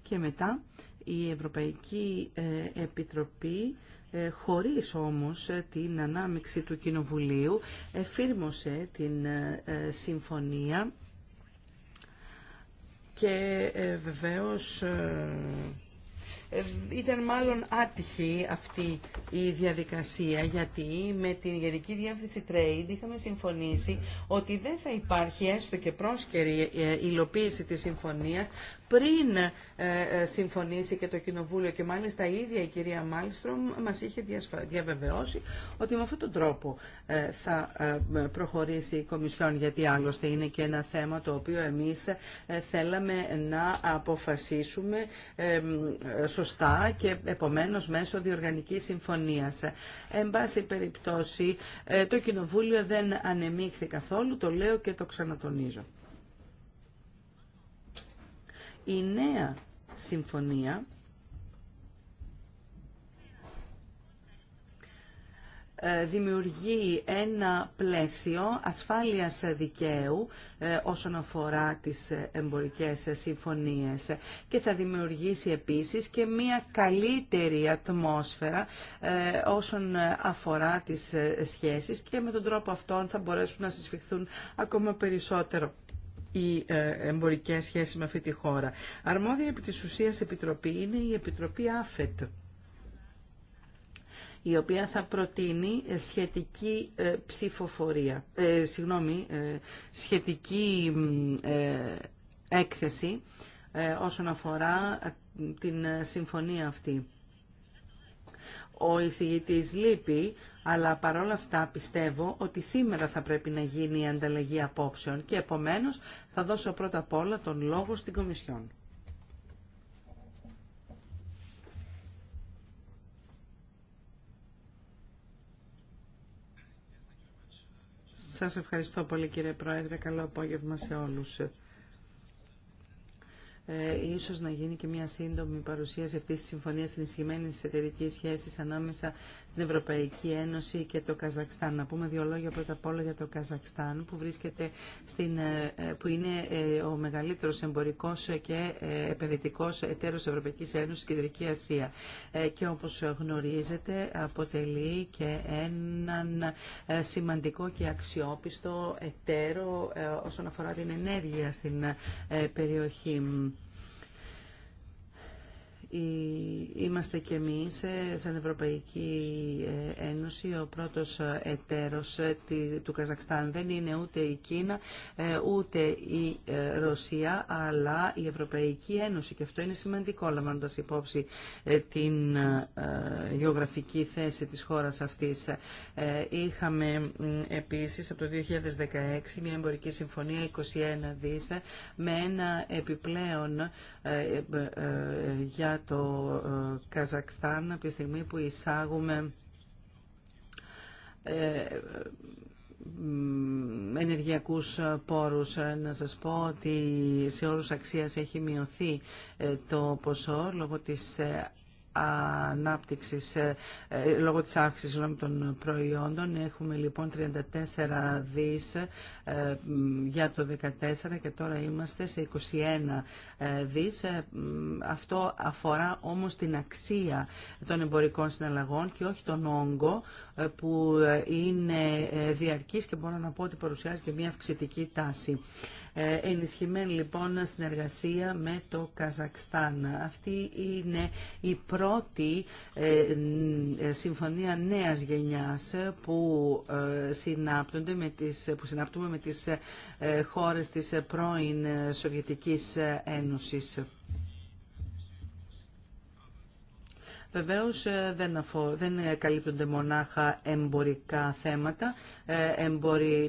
Και μετά η Ευρωπαϊκή Επιτροπή χωρίς όμως την ανάμειξη του Κοινοβουλίου, εφήρμοσε την συμφωνία και βεβαίως ε, ήταν μάλλον άτυχη αυτή η διαδικασία γιατί με την Γενική Διεύθυνση Trade είχαμε συμφωνήσει ότι δεν θα υπάρχει έστω και πρόσκαιρη ε, υλοποίηση της συμφωνίας πριν ε, ε, συμφωνήσει και το Κοινοβούλιο και μάλιστα η ίδια η κυρία Μάλστρομ μας είχε διαβεβαιώσει ότι με αυτόν τον τρόπο ε, θα προχωρήσει η Κομισιόν γιατί άλλωστε είναι και ένα θέμα το οποίο εμείς θέλαμε να αποφασίσουμε σωστά και επομένως μέσω διοργανικής συμφωνίας. Εν πάση περιπτώσει το Κοινοβούλιο δεν ανεμίχθη καθόλου, το λέω και το ξανατονίζω η νέα συμφωνία ε, δημιουργεί ένα πλαίσιο ασφάλειας δικαίου ε, όσον αφορά τις εμπορικές συμφωνίες και θα δημιουργήσει επίσης και μια καλύτερη ατμόσφαιρα ε, όσον αφορά τις σχέσεις και με τον τρόπο αυτόν θα μπορέσουν να συσφιχθούν ακόμα περισσότερο οι ε, εμπορικέ σχέσει με αυτή τη χώρα. Αρμόδια επί τη ουσία επιτροπή είναι η Επιτροπή ΑΦΕΤ η οποία θα προτείνει ε, σχετική ε, ψηφοφορία, ε, συγγνώμη, σχετική έκθεση όσον αφορά την συμφωνία αυτή. Ο εισηγητής λείπει, αλλά παρόλα αυτά πιστεύω ότι σήμερα θα πρέπει να γίνει η ανταλλαγή απόψεων και επομένως θα δώσω πρώτα απ' όλα τον λόγο στην Κομισιόν. Σας ευχαριστώ πολύ κύριε Πρόεδρε. Καλό απόγευμα σε όλους. Ε, ίσως να γίνει και μια σύντομη παρουσίαση αυτής της συμφωνίας ενισχυμένης εταιρικής σχέσης ανάμεσα την Ευρωπαϊκή Ένωση και το Καζακστάν. Να πούμε δύο λόγια πρώτα απ' όλα για το Καζακστάν που, βρίσκεται στην, ε, ε, που είναι ε, ο μεγαλύτερος εμπορικός και επενδυτικός εταίρος Ευρωπαϊκής Ένωσης στην Κεντρική Ασία και όπως γνωρίζετε αποτελεί και έναν σημαντικό και αξιόπιστο εταίρο όσον αφορά την ενέργεια στην περιοχή. Είμαστε και εμείς, ε, σαν Ευρωπαϊκή ε, Ένωση, ο πρώτος ε, εταίρος του Καζακστάν. Δεν είναι ούτε η Κίνα, ούτε η Ρωσία, αλλά η Ευρωπαϊκή Ένωση. Και αυτό είναι σημαντικό, λαμβάνοντας υπόψη την γεωγραφική θέση της χώρας αυτής. Είχαμε επίσης από το 2016 μια εμπορική συμφωνία 21 δις με ένα επιπλέον για το ε, Καζακστάν από τη στιγμή που εισάγουμε ε, ενεργειακούς πόρους. Ε, να σας πω ότι σε όρους αξίας έχει μειωθεί το ποσό λόγω της ανάπτυξης ε, ε, λόγω της αύξησης των προϊόντων. Έχουμε λοιπόν 34 δις ε, για το 2014 και τώρα είμαστε σε 21 δις. Αυτό αφορά όμως την αξία των εμπορικών συναλλαγών και όχι τον όγκο που είναι διαρκής και μπορώ να πω ότι παρουσιάζει και μια αυξητική τάση. Ε, ενισχυμένη λοιπόν συνεργασία με το Καζακστάν. Αυτή είναι η πρώτη ε, ε, συμφωνία νέας γενιάς που, συνάπτονται με τις, που συνάπτουμε με τις χώρες της πρώην Σοβιετικής Ένωσης. Βεβαίω, ε, δεν, αφο... δεν ε, καλύπτονται μονάχα εμπορικά θέματα. Ε,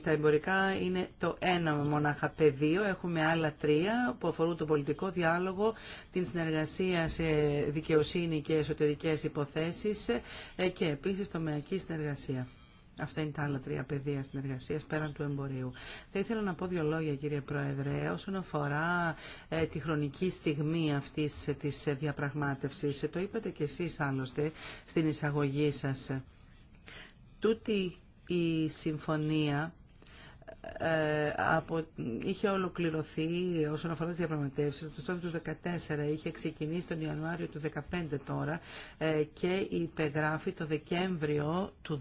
τα εμπορικά είναι το ένα μονάχα πεδίο. Έχουμε άλλα τρία που αφορούν το πολιτικό διάλογο, την συνεργασία σε δικαιοσύνη και εσωτερικές υποθέσεις και επίσης τομεακή συνεργασία. Αυτά είναι τα άλλα τρία πεδία συνεργασία πέραν του εμπορίου. Θα ήθελα να πω δύο λόγια, κύριε Πρόεδρε, όσον αφορά ε, τη χρονική στιγμή αυτή τη διαπραγμάτευση. Το είπατε κι εσεί άλλωστε στην εισαγωγή σα. Τούτη η συμφωνία ε, από, είχε ολοκληρωθεί όσον αφορά τις διαπραγματεύσεις το στόχο του 2014 είχε ξεκινήσει τον Ιανουάριο του 2015 τώρα ε, και υπεγράφει το Δεκέμβριο του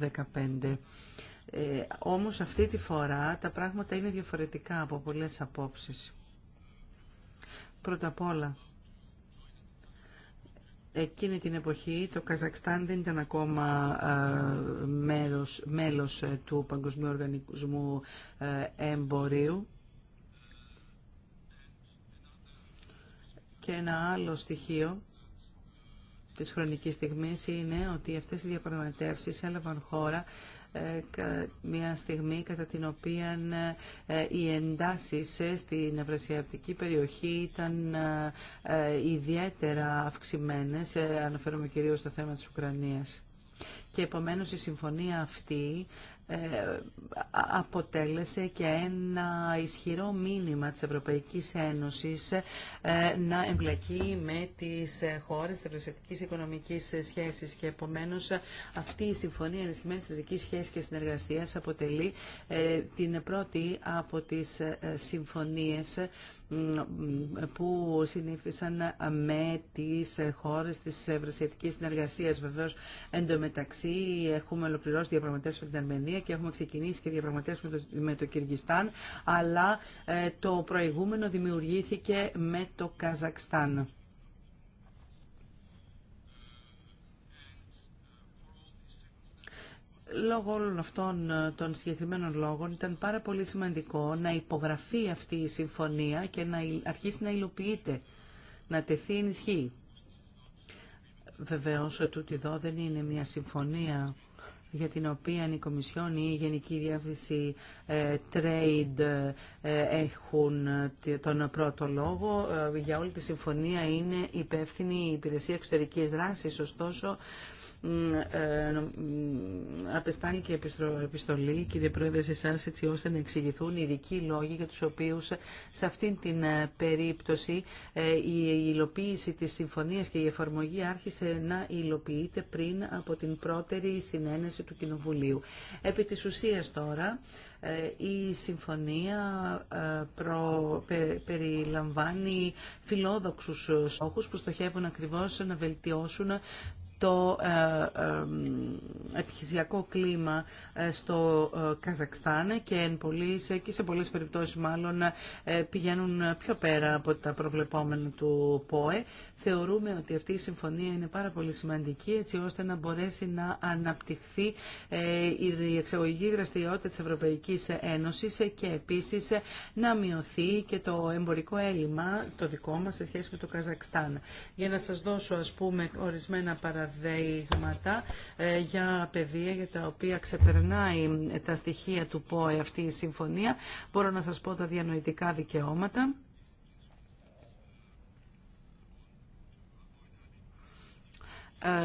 2015 ε, όμως αυτή τη φορά τα πράγματα είναι διαφορετικά από πολλές απόψεις πρώτα απ' όλα Εκείνη την εποχή το Καζακστάν δεν ήταν ακόμα ε, μέλος, μέλος ε, του Παγκοσμίου Οργανισμού ε, Εμπορίου. Και ένα άλλο στοιχείο της χρονικής στιγμής είναι ότι αυτές οι διαπραγματεύσεις έλαβαν χώρα ε, μια στιγμή κατά την οποία ε, οι εντάσεις στην ευρασιατική περιοχή ήταν ε, ιδιαίτερα αυξημένες, αναφέρομαι κυρίως στο θέμα της Ουκρανίας. Και επομένως η συμφωνία αυτή ε, αποτέλεσε και ένα ισχυρό μήνυμα της Ευρωπαϊκής Ένωσης ε, να εμπλακεί με τις χώρες της ευρωσιατικής οικονομικής σχέσης και επομένως αυτή η Συμφωνία Ενισχυμένης Ειδικής Σχέσης και Συνεργασίας αποτελεί ε, την πρώτη από τις συμφωνίες που συνήθισαν με τις χώρες της ευρωσιατικής Συνεργασίας. Βεβαίως, εντωμεταξύ έχουμε ολοκληρώσει διαπραγματεύσεις με την Αρμενία και έχουμε ξεκινήσει και διαπραγματεύσουμε με το, με το Κυργιστάν, αλλά ε, το προηγούμενο δημιουργήθηκε με το Καζακστάν. λόγω όλων αυτών ε, των συγκεκριμένων λόγων ήταν πάρα πολύ σημαντικό να υπογραφεί αυτή η συμφωνία και να αρχίσει να υλοποιείται, να τεθεί ενισχύ. Βεβαίως, τούτη εδώ δεν είναι μια συμφωνία για την οποία η Κομισιόν ή η Γενική Διεύθυνση ε, Trade ε, έχουν ε, τον πρώτο λόγο. Για όλη τη συμφωνία είναι υπεύθυνη η Υπηρεσία Εξωτερικής Δράσης, ωστόσο ε, απεστάλει και επιστολή, κύριε Πρόεδρε, σε εσάς, έτσι ώστε να εξηγηθούν οι ειδικοί λόγοι για τους οποίους σε αυτήν την ε, περίπτωση ε, η υλοποίηση της συμφωνίας και η εφαρμογή άρχισε να υλοποιείται πριν από την πρώτερη συνένεση του Κοινοβουλίου. Επί της ουσίας τώρα, η συμφωνία προ, περιλαμβάνει φιλόδοξους στόχους που στοχεύουν ακριβώς να βελτιώσουν το ε, επιχειρησιακό κλίμα ε, στο ε, Καζακστάν και εν πολλής, σε πολλές περιπτώσεις μάλλον πηγαίνουν πιο πέρα από τα προβλεπόμενα του ΠΟΕ. Θεωρούμε ότι αυτή η συμφωνία είναι πάρα πολύ σημαντική έτσι ώστε να μπορέσει να αναπτυχθεί η εξαγωγική δραστηριότητα της Ευρωπαϊκής Ένωσης και επίσης να μειωθεί και το εμπορικό έλλειμμα το δικό μας σε σχέση με το Καζακστάν. Για να σας δώσω ας πούμε ορισμένα παραδείγματα δείγματα ε, για παιδεία για τα οποία ξεπερνάει ε, τα στοιχεία του ΠΟΕ αυτή η συμφωνία. Μπορώ να σας πω τα διανοητικά δικαιώματα.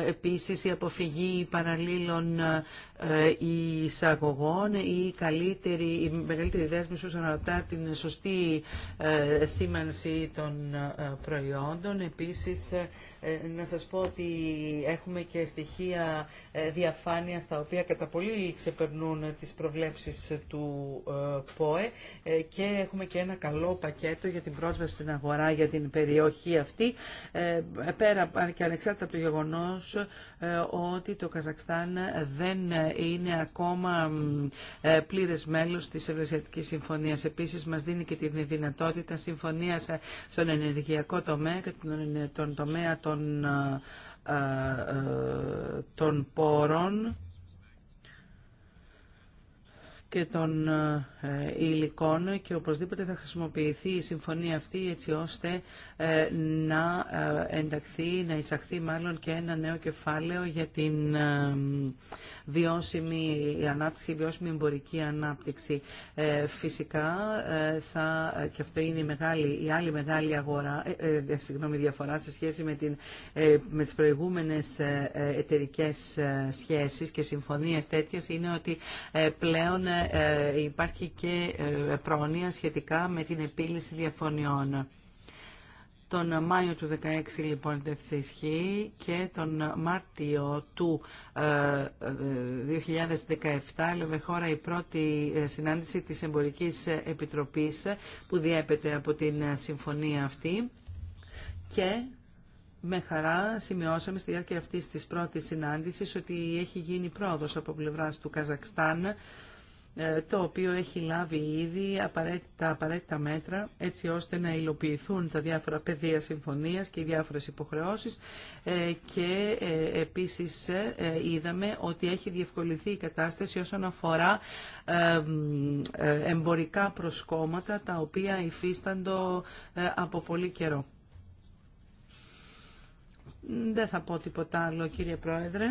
Ε, επίσης η αποφυγή παραλλήλων εισαγωγών ή η καλύτερη, η μεγαλύτερη δέσμευση δέσμη οσον αφορά την σωστή σήμανση των προϊόντων. Επίσης ε, να σας πω ότι έχουμε και στοιχεία ε, διαφάνειας τα οποία κατά πολύ ξεπερνούν τις προβλέψεις του ε, ΠΟΕ και έχουμε και ένα καλό πακέτο για την πρόσβαση στην αγορά για την περιοχή αυτή πέρα και ανεξάρτητα από το γεγονός ε, ότι το Καζακστάν δεν είναι ακόμα ε, πλήρες μέλος της Ευρωσιατικής Συμφωνίας. Επίσης μας δίνει και τη δυνατότητα συμφωνίας ε, στον ενεργειακό τομέα και τον τομέα των πόρων και των ε, υλικών και οπωσδήποτε θα χρησιμοποιηθεί η συμφωνία αυτή έτσι ώστε ε, να ε, ενταχθεί, να εισαχθεί μάλλον και ένα νέο κεφάλαιο για την βιώσιμη ανάπτυξη, βιώσιμη εμπορική ανάπτυξη. Φυσικά θα, και αυτό είναι η, μεγάλη, η άλλη μεγάλη αγορά, συγγνώμη, διαφορά σε σχέση με, την, με τις προηγούμενες εταιρικές σχέσεις και συμφωνίες τέτοιες είναι ότι πλέον ε, υπάρχει και ε, προνοία σχετικά με την επίλυση διαφωνιών. Τον Μάιο του 2016 λοιπόν τέθησε ισχύ και τον Μάρτιο του 2017 ε, έλεγε χώρα η πρώτη συνάντηση της Εμπορικής Επιτροπής που διέπεται από την συμφωνία αυτή και με χαρά σημειώσαμε στη διάρκεια αυτής της πρώτης συνάντησης ότι έχει γίνει πρόοδος από πλευράς του Καζακστάν ε, το οποίο έχει λάβει ήδη τα απαραίτητα μέτρα έτσι ώστε να υλοποιηθούν τα διάφορα πεδία συμφωνίας και οι διάφορες υποχρεώσεις ε, και ε, επίσης είδαμε ότι έχει διευκολυνθεί η κατάσταση όσον αφορά εμπορικά προσκόμματα τα οποία υφίσταντο από πολύ καιρό. Δεν θα πω τίποτα άλλο κύριε Πρόεδρε.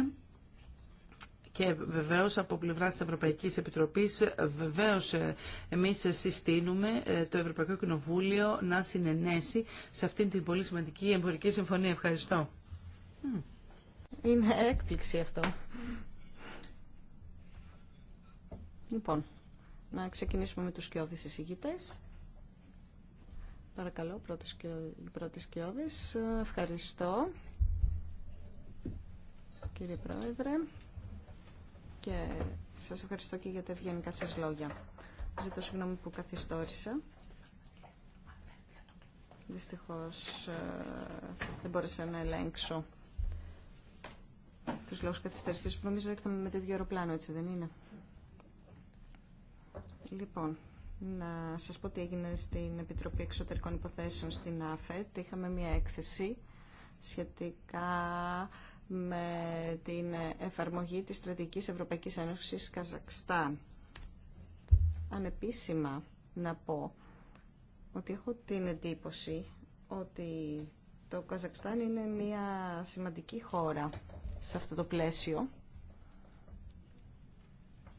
Και βεβαίως από πλευρά της Ευρωπαϊκής Επιτροπής, βεβαίως ε, εμείς συστήνουμε ε, το Ευρωπαϊκό Κοινοβούλιο να συνενέσει σε αυτήν την πολύ σημαντική εμπορική συμφωνία. Ευχαριστώ. Είναι έκπληξη αυτό. Λοιπόν, να ξεκινήσουμε με τους σκιώδεις εισηγητές. Παρακαλώ, πρώτος πρώτη σκιώδης. Ευχαριστώ. Κύριε Πρόεδρε, και σας ευχαριστώ και για τα ευγενικά σας λόγια. Ζητώ συγγνώμη που καθυστόρησα. Δυστυχώς ε, δεν μπόρεσα να ελέγξω τους λόγους καθυστερήσεις που νομίζω με το ίδιο αεροπλάνο, έτσι δεν είναι. Λοιπόν, να σας πω τι έγινε στην Επιτροπή Εξωτερικών Υποθέσεων στην ΑΦΕΤ. Είχαμε μια έκθεση σχετικά με την εφαρμογή της στρατηγικής Ευρωπαϊκής Ένωσης Καζακστάν. Ανεπίσημα να πω ότι έχω την εντύπωση ότι το Καζακστάν είναι μια σημαντική χώρα σε αυτό το πλαίσιο.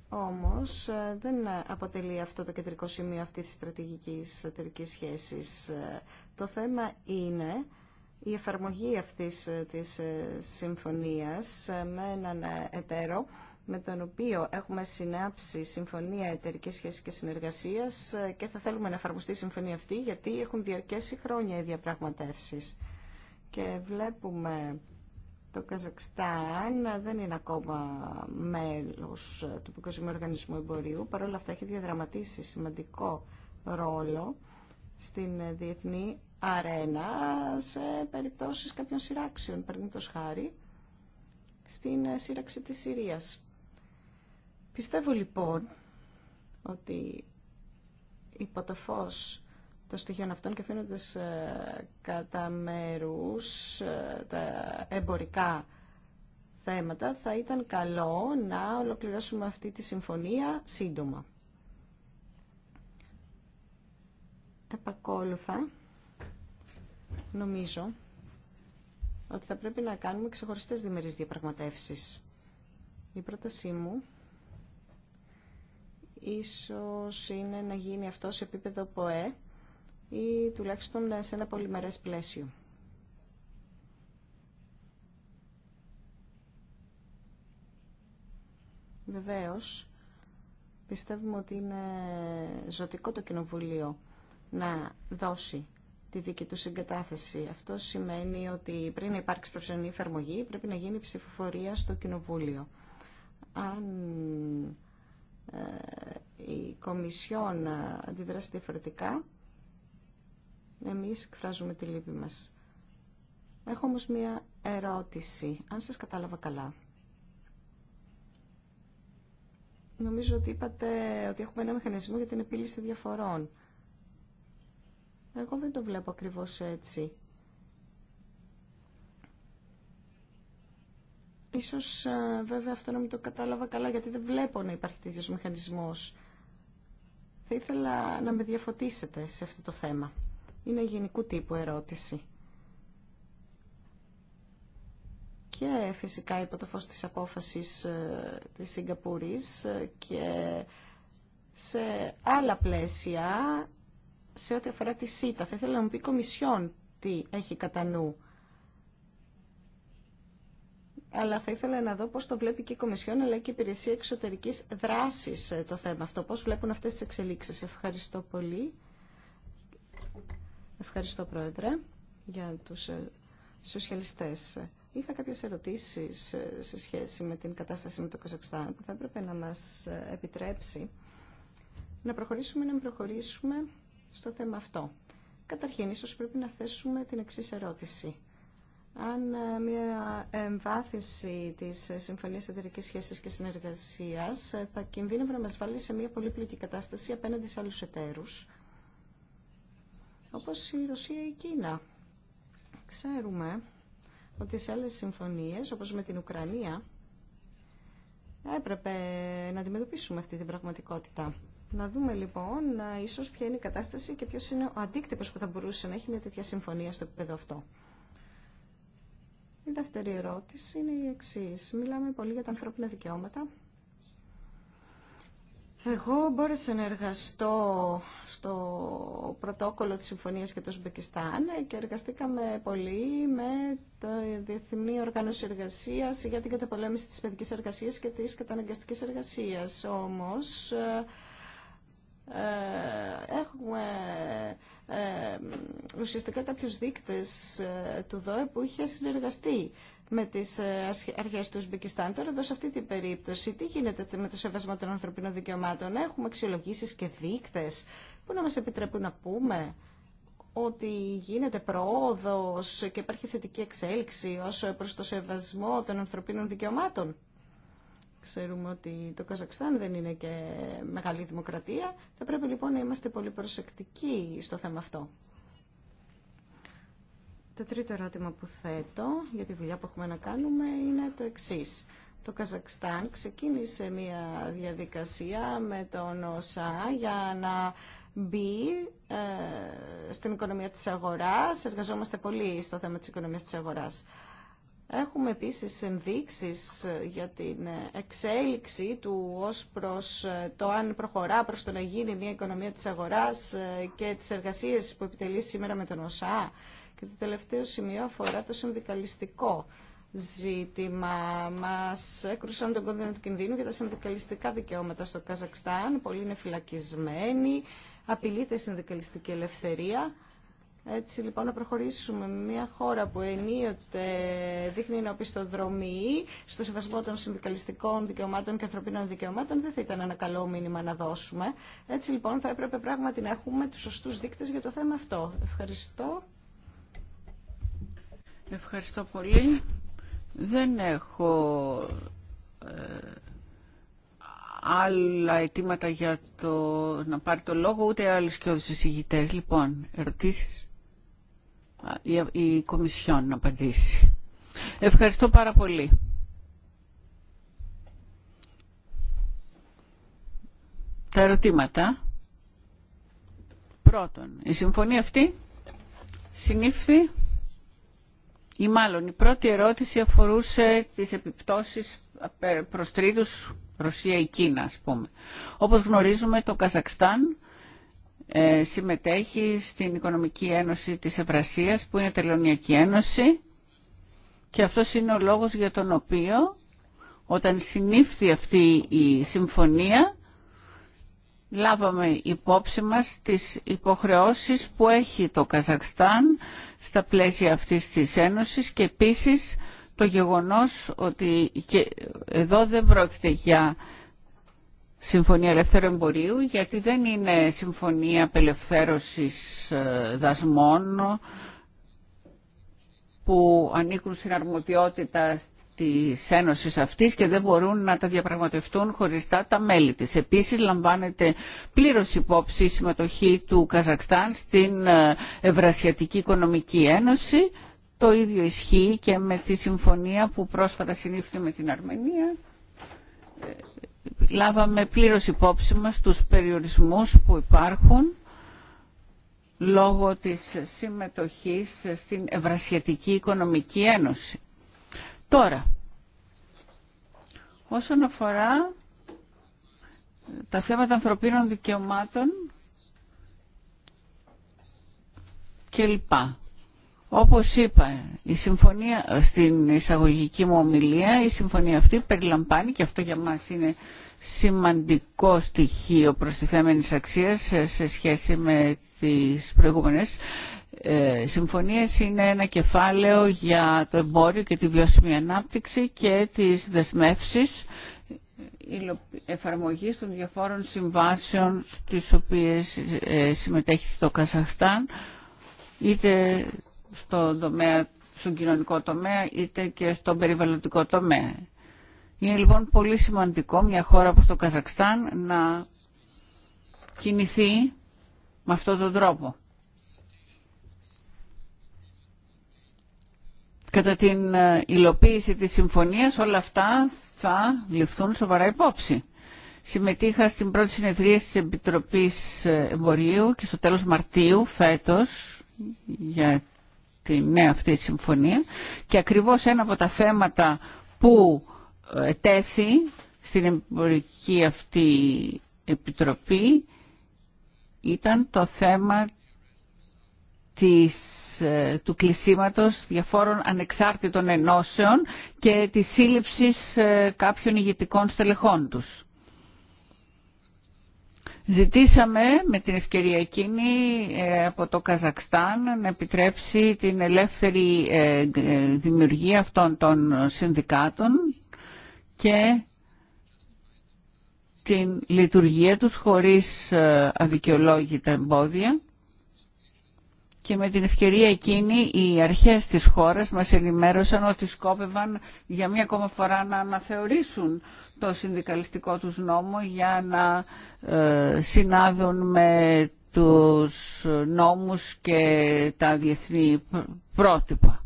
Όμως ε, δεν αποτελεί αυτό το κεντρικό σημείο αυτής της στρατηγικής εταιρικής σχέσης. Ε, το θέμα είναι η εφαρμογή αυτής ε, της ε, συμφωνίας ε, με έναν εταίρο με τον οποίο έχουμε συνάψει συμφωνία εταιρικής σχέσης και συνεργασίας και θα θέλουμε να εφαρμοστεί η συμφωνία αυτή γιατί έχουν διαρκέσει χρόνια οι διαπραγματεύσεις. Και βλέπουμε το Καζακστάν δεν είναι ακόμα μέλος του Παγκοσμίου Οργανισμού Εμπορίου, παρόλα αυτά έχει διαδραματίσει σημαντικό ρόλο στην διεθνή αρένα σε περιπτώσεις κάποιων σειράξεων, παραδείγματο χάρη στην ε, σύραξη της Συρίας. Πιστεύω λοιπόν ότι υπό το φως των στοιχείων αυτών και αφήνοντα ε, κατά μέρου ε, τα εμπορικά θέματα, θα ήταν καλό να ολοκληρώσουμε αυτή τη συμφωνία σύντομα. Επακόλουθα Νομίζω ότι θα πρέπει να κάνουμε ξεχωριστές διμερείς διαπραγματεύσεις. Η πρότασή μου ίσως είναι να γίνει αυτό σε επίπεδο ΠΟΕ ή τουλάχιστον σε ένα πολυμερές πλαίσιο. Βεβαίως, πιστεύουμε ότι είναι ζωτικό το Κοινοβουλίο να δώσει τη δική του συγκατάθεση. Αυτό σημαίνει ότι πριν να υπάρξει προσωρινή εφαρμογή πρέπει να γίνει ψηφοφορία στο Κοινοβούλιο. Αν ε, η Κομισιόν ε, αντιδράσει διαφορετικά, εμείς εκφράζουμε τη λύπη μας. Έχω όμως μία ερώτηση, αν σας κατάλαβα καλά. Νομίζω ότι είπατε ότι έχουμε ένα μηχανισμό για την επίλυση διαφορών. Εγώ δεν το βλέπω ακριβώς έτσι. Ίσως ε, βέβαια αυτό να μην το κατάλαβα καλά γιατί δεν βλέπω να υπάρχει τέτοιος μηχανισμός. Θα ήθελα να με διαφωτίσετε σε αυτό το θέμα. Είναι γενικού τύπου ερώτηση. Και φυσικά υπό το φως της απόφασης ε, της Σιγκαπούρης ε, και σε άλλα πλαίσια σε ό,τι αφορά τη ΣΥΤΑ. Θα ήθελα να μου πει η Κομισιόν τι έχει κατά νου. Αλλά θα ήθελα να δω πώς το βλέπει και η Κομισιόν αλλά και η Υπηρεσία Εξωτερικής Δράσης ε, το θέμα αυτό. Πώς βλέπουν αυτές τις εξελίξεις. Ευχαριστώ πολύ. Ευχαριστώ Πρόεδρε για τους ε, σοσιαλιστές. Είχα κάποιες ερωτήσεις ε, σε σχέση με την κατάσταση με το Καζακστάν που θα έπρεπε να μας επιτρέψει να προχωρήσουμε, να προχωρήσουμε στο θέμα αυτό. Καταρχήν, ίσως πρέπει να θέσουμε την εξής ερώτηση. Αν ε, μια εμβάθυνση της ε, Συμφωνίας Εταιρικής Σχέσης και Συνεργασίας ε, θα κινδύνευε να μας βάλει σε μια πολύπλοκη κατάσταση απέναντι σε άλλους εταίρους, όπως η Ρωσία ή η Κίνα. Ξέρουμε ότι σε άλλες συμφωνίες, όπως με την Ουκρανία, έπρεπε να αντιμετωπίσουμε αυτή την πραγματικότητα. Να δούμε λοιπόν ε, ίσως ποια είναι η κατάσταση και ποιο είναι ο αντίκτυπο που θα μπορούσε να έχει μια τέτοια συμφωνία στο επίπεδο αυτό. Η δεύτερη ερώτηση είναι η εξή. Μιλάμε πολύ για τα ανθρώπινα δικαιώματα. Εγώ μπόρεσα να εργαστώ στο πρωτόκολλο της Συμφωνίας για το Σμπεκιστάν και εργαστήκαμε πολύ με το Διεθνή Οργάνωση Εργασίας για την καταπολέμηση της παιδικής εργασίας και της καταναγκαστικής εργασίας. Όμως, ε, ε, έχουμε ε, ουσιαστικά κάποιους δείκτες ε, του ΔΟΕ που είχε συνεργαστεί με τις αρχές του Ουσμπικιστάν. Τώρα εδώ σε αυτή την περίπτωση τι γίνεται με το σεβασμό των ανθρωπίνων δικαιωμάτων. Έχουμε αξιολογήσεις και δείκτες που να μας επιτρέπουν να πούμε ότι γίνεται πρόοδος και υπάρχει θετική εξέλιξη ως προς το σεβασμό των ανθρωπίνων δικαιωμάτων. Ξέρουμε ότι το Καζακστάν δεν είναι και μεγάλη δημοκρατία. Θα πρέπει λοιπόν να είμαστε πολύ προσεκτικοί στο θέμα αυτό. Το τρίτο ερώτημα που θέτω για τη δουλειά που έχουμε να κάνουμε είναι το εξής. Το Καζακστάν ξεκίνησε μια διαδικασία με τον ΩΣΑ για να μπει ε, στην οικονομία της αγοράς. Εργαζόμαστε πολύ στο θέμα της οικονομίας της αγοράς. Έχουμε επίσης ενδείξεις ε, για την ε, εξέλιξη του ως προς ε, το αν προχωρά προς το να γίνει μια οικονομία της αγοράς και τις εργασίες που επιτελεί σήμερα με τον ΟΣΑ. Και το τελευταίο σημείο αφορά το συνδικαλιστικό ζήτημα. Μας έκρουσαν τον κόνδυνο του κινδύνου για τα συνδικαλιστικά δικαιώματα στο Καζακστάν. Πολλοί είναι φυλακισμένοι, απειλείται η συνδικαλιστική ελευθερία. Έτσι λοιπόν να προχωρήσουμε με μια χώρα που ενίοτε δείχνει να οπισθοδρομεί στο σεβασμό των συνδικαλιστικών δικαιωμάτων και ανθρωπίνων δικαιωμάτων δεν θα ήταν ένα καλό μήνυμα να δώσουμε. Έτσι λοιπόν θα έπρεπε πράγματι να έχουμε τους σωστούς δείκτες για το θέμα αυτό. Ευχαριστώ. Ευχαριστώ πολύ. Δεν έχω ε, άλλα αιτήματα για το, να πάρει το λόγο, ούτε άλλους και όδους εισηγητές. Λοιπόν, ερωτήσεις η Κομισιόν να απαντήσει. Ευχαριστώ πάρα πολύ. Τα ερωτήματα. Πρώτον, η συμφωνία αυτή συνήφθη ή μάλλον η πρώτη ερώτηση αφορούσε τις επιπτώσεις προς τρίτους Ρωσία Κίνα, ας πούμε. Όπως γνωρίζουμε, το Καζακστάν ε, συμμετέχει στην Οικονομική Ένωση της Ευρασίας που είναι τελωνιακή ένωση και αυτό είναι ο λόγος για τον οποίο όταν συνήφθη αυτή η συμφωνία λάβαμε υπόψη μας τις υποχρεώσεις που έχει το Καζακστάν στα πλαίσια αυτής της Ένωσης και επίσης το γεγονός ότι εδώ δεν πρόκειται για Συμφωνία Ελεύθερου Εμπορίου, γιατί δεν είναι συμφωνία απελευθέρωσης ε, δασμών που ανήκουν στην αρμοδιότητα της Ένωσης αυτής και δεν μπορούν να τα διαπραγματευτούν χωριστά τα μέλη της. Επίσης λαμβάνεται πλήρως υπόψη η συμμετοχή του Καζακστάν στην ε, Ευρασιατική Οικονομική Ένωση. Το ίδιο ισχύει και με τη συμφωνία που πρόσφατα συνήφθη με την Αρμενία ε, λάβαμε πλήρως υπόψη μας τους περιορισμούς που υπάρχουν λόγω της συμμετοχής στην Ευρασιατική Οικονομική Ένωση. Τώρα, όσον αφορά τα θέματα ανθρωπίνων δικαιωμάτων κλπ. Όπως είπα, η συμφωνία, στην εισαγωγική μου ομιλία, η συμφωνία αυτή περιλαμβάνει και αυτό για μας είναι σημαντικό στοιχείο τη θέμενη αξίας σε σχέση με τις προηγούμενες ε, συμφωνίες είναι ένα κεφάλαιο για το εμπόριο και τη βιώσιμη ανάπτυξη και τις δεσμεύσεις εφαρμογής των διαφόρων συμβάσεων στις οποίες ε, συμμετέχει το Καζαχστάν είτε στο τομέα, στον κοινωνικό τομέα είτε και στον περιβαλλοντικό τομέα. Είναι λοιπόν πολύ σημαντικό μια χώρα όπως το Καζακστάν να κινηθεί με αυτόν τον τρόπο. Κατά την ε, υλοποίηση της συμφωνίας όλα αυτά θα ληφθούν σοβαρά υπόψη. Συμμετείχα στην πρώτη συνεδρία της Επιτροπής Εμπορίου και στο τέλος Μαρτίου φέτος για την νέα αυτή συμφωνία και ακριβώς ένα από τα θέματα που ε, τέθη στην εμπορική αυτή επιτροπή ήταν το θέμα της, ε, του κλεισίματος διαφόρων ανεξάρτητων ενώσεων και της σύλληψης ε, κάποιων ηγετικών στελεχών τους. Ζητήσαμε με την ευκαιρία εκείνη ε, από το Καζακστάν να επιτρέψει την ελεύθερη ε, ε, δημιουργία αυτών των συνδικάτων και την λειτουργία τους χωρίς αδικαιολόγητα εμπόδια και με την ευκαιρία εκείνη οι αρχές της χώρας μας ενημέρωσαν ότι σκόπευαν για μία ακόμα φορά να αναθεωρήσουν το συνδικαλιστικό τους νόμο για να ε, συνάδουν με τους νόμους και τα διεθνή πρότυπα.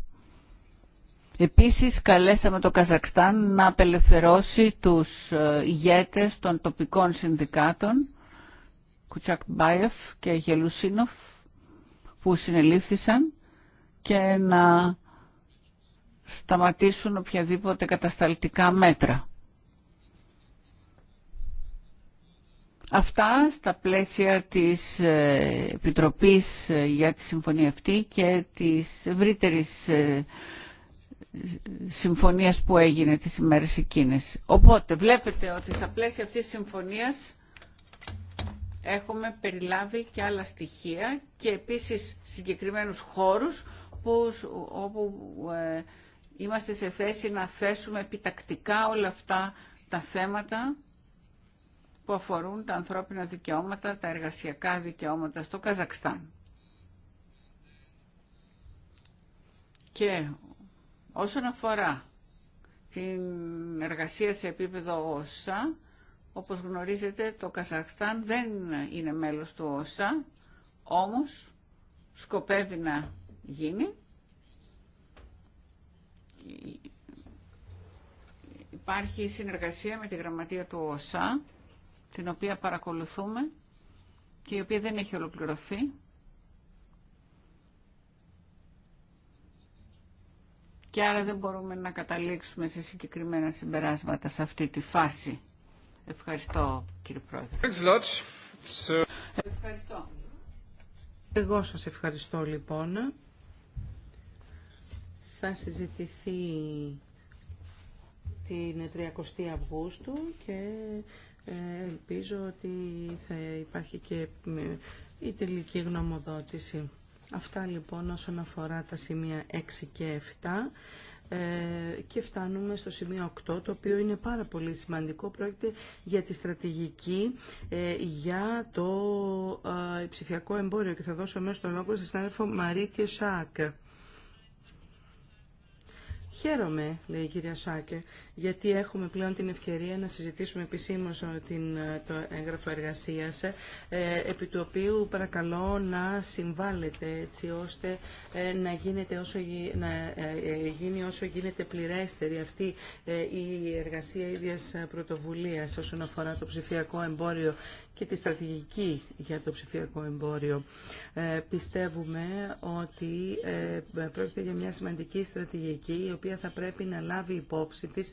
Επίσης καλέσαμε το Καζακστάν να απελευθερώσει τους ε, ηγέτες των τοπικών συνδικάτων Κουτσακ Μπάιεφ και Γελουσίνοφ που συνελήφθησαν και να σταματήσουν οποιαδήποτε κατασταλτικά μέτρα. Αυτά στα πλαίσια της ε, Επιτροπής ε, για τη Συμφωνία αυτή και της ευρύτερης ε, συμφωνίας που έγινε τις ημέρες εκείνες. Οπότε βλέπετε ότι στα πλαίσια αυτής της συμφωνίας έχουμε περιλάβει και άλλα στοιχεία και επίσης συγκεκριμένους χώρους που, όπου ε, είμαστε σε θέση να θέσουμε επιτακτικά όλα αυτά τα θέματα που αφορούν τα ανθρώπινα δικαιώματα, τα εργασιακά δικαιώματα στο Καζακστάν. Και όσον αφορά την εργασία σε επίπεδο όσα, όπως γνωρίζετε το Καζακστάν δεν είναι μέλος του ΩΣΑ, όμως σκοπεύει να γίνει. Υπάρχει συνεργασία με τη γραμματεία του ΩΣΑ, την οποία παρακολουθούμε και η οποία δεν έχει ολοκληρωθεί. Και άρα δεν μπορούμε να καταλήξουμε σε συγκεκριμένα συμπεράσματα σε αυτή τη φάση. Ευχαριστώ κύριε Πρόεδρε. Ευχαριστώ. Εγώ σας ευχαριστώ λοιπόν. Θα συζητηθεί την 30 Αυγούστου και ε, ελπίζω ότι θα υπάρχει και η τελική γνωμοδότηση. Αυτά λοιπόν όσον αφορά τα σημεία 6 και 7. Ε, και φτάνουμε στο σημείο 8, το οποίο είναι πάρα πολύ σημαντικό. Πρόκειται για τη στρατηγική ε, για το ε, ψηφιακό εμπόριο και θα δώσω μέσα τον λόγο στη συνάδελφο Μαρίκη και Σάκ. Χαίρομαι, λέει η κυρία Σάκε, γιατί έχουμε πλέον την ευκαιρία να συζητήσουμε επισήμως ε, την, ε, το έγγραφο εργασίας, ε, επί του οποίου παρακαλώ να συμβάλλετε έτσι ώστε να, γίνεται όσο, να γίνει όσο γίνεται πληρέστερη αυτή η εργασία ίδιας πρωτοβουλίας όσον αφορά το ψηφιακό εμπόριο και τη στρατηγική για το ψηφιακό εμπόριο. πιστεύουμε ότι ε, πρόκειται για μια σημαντική στρατηγική η οποία θα πρέπει να λάβει υπόψη της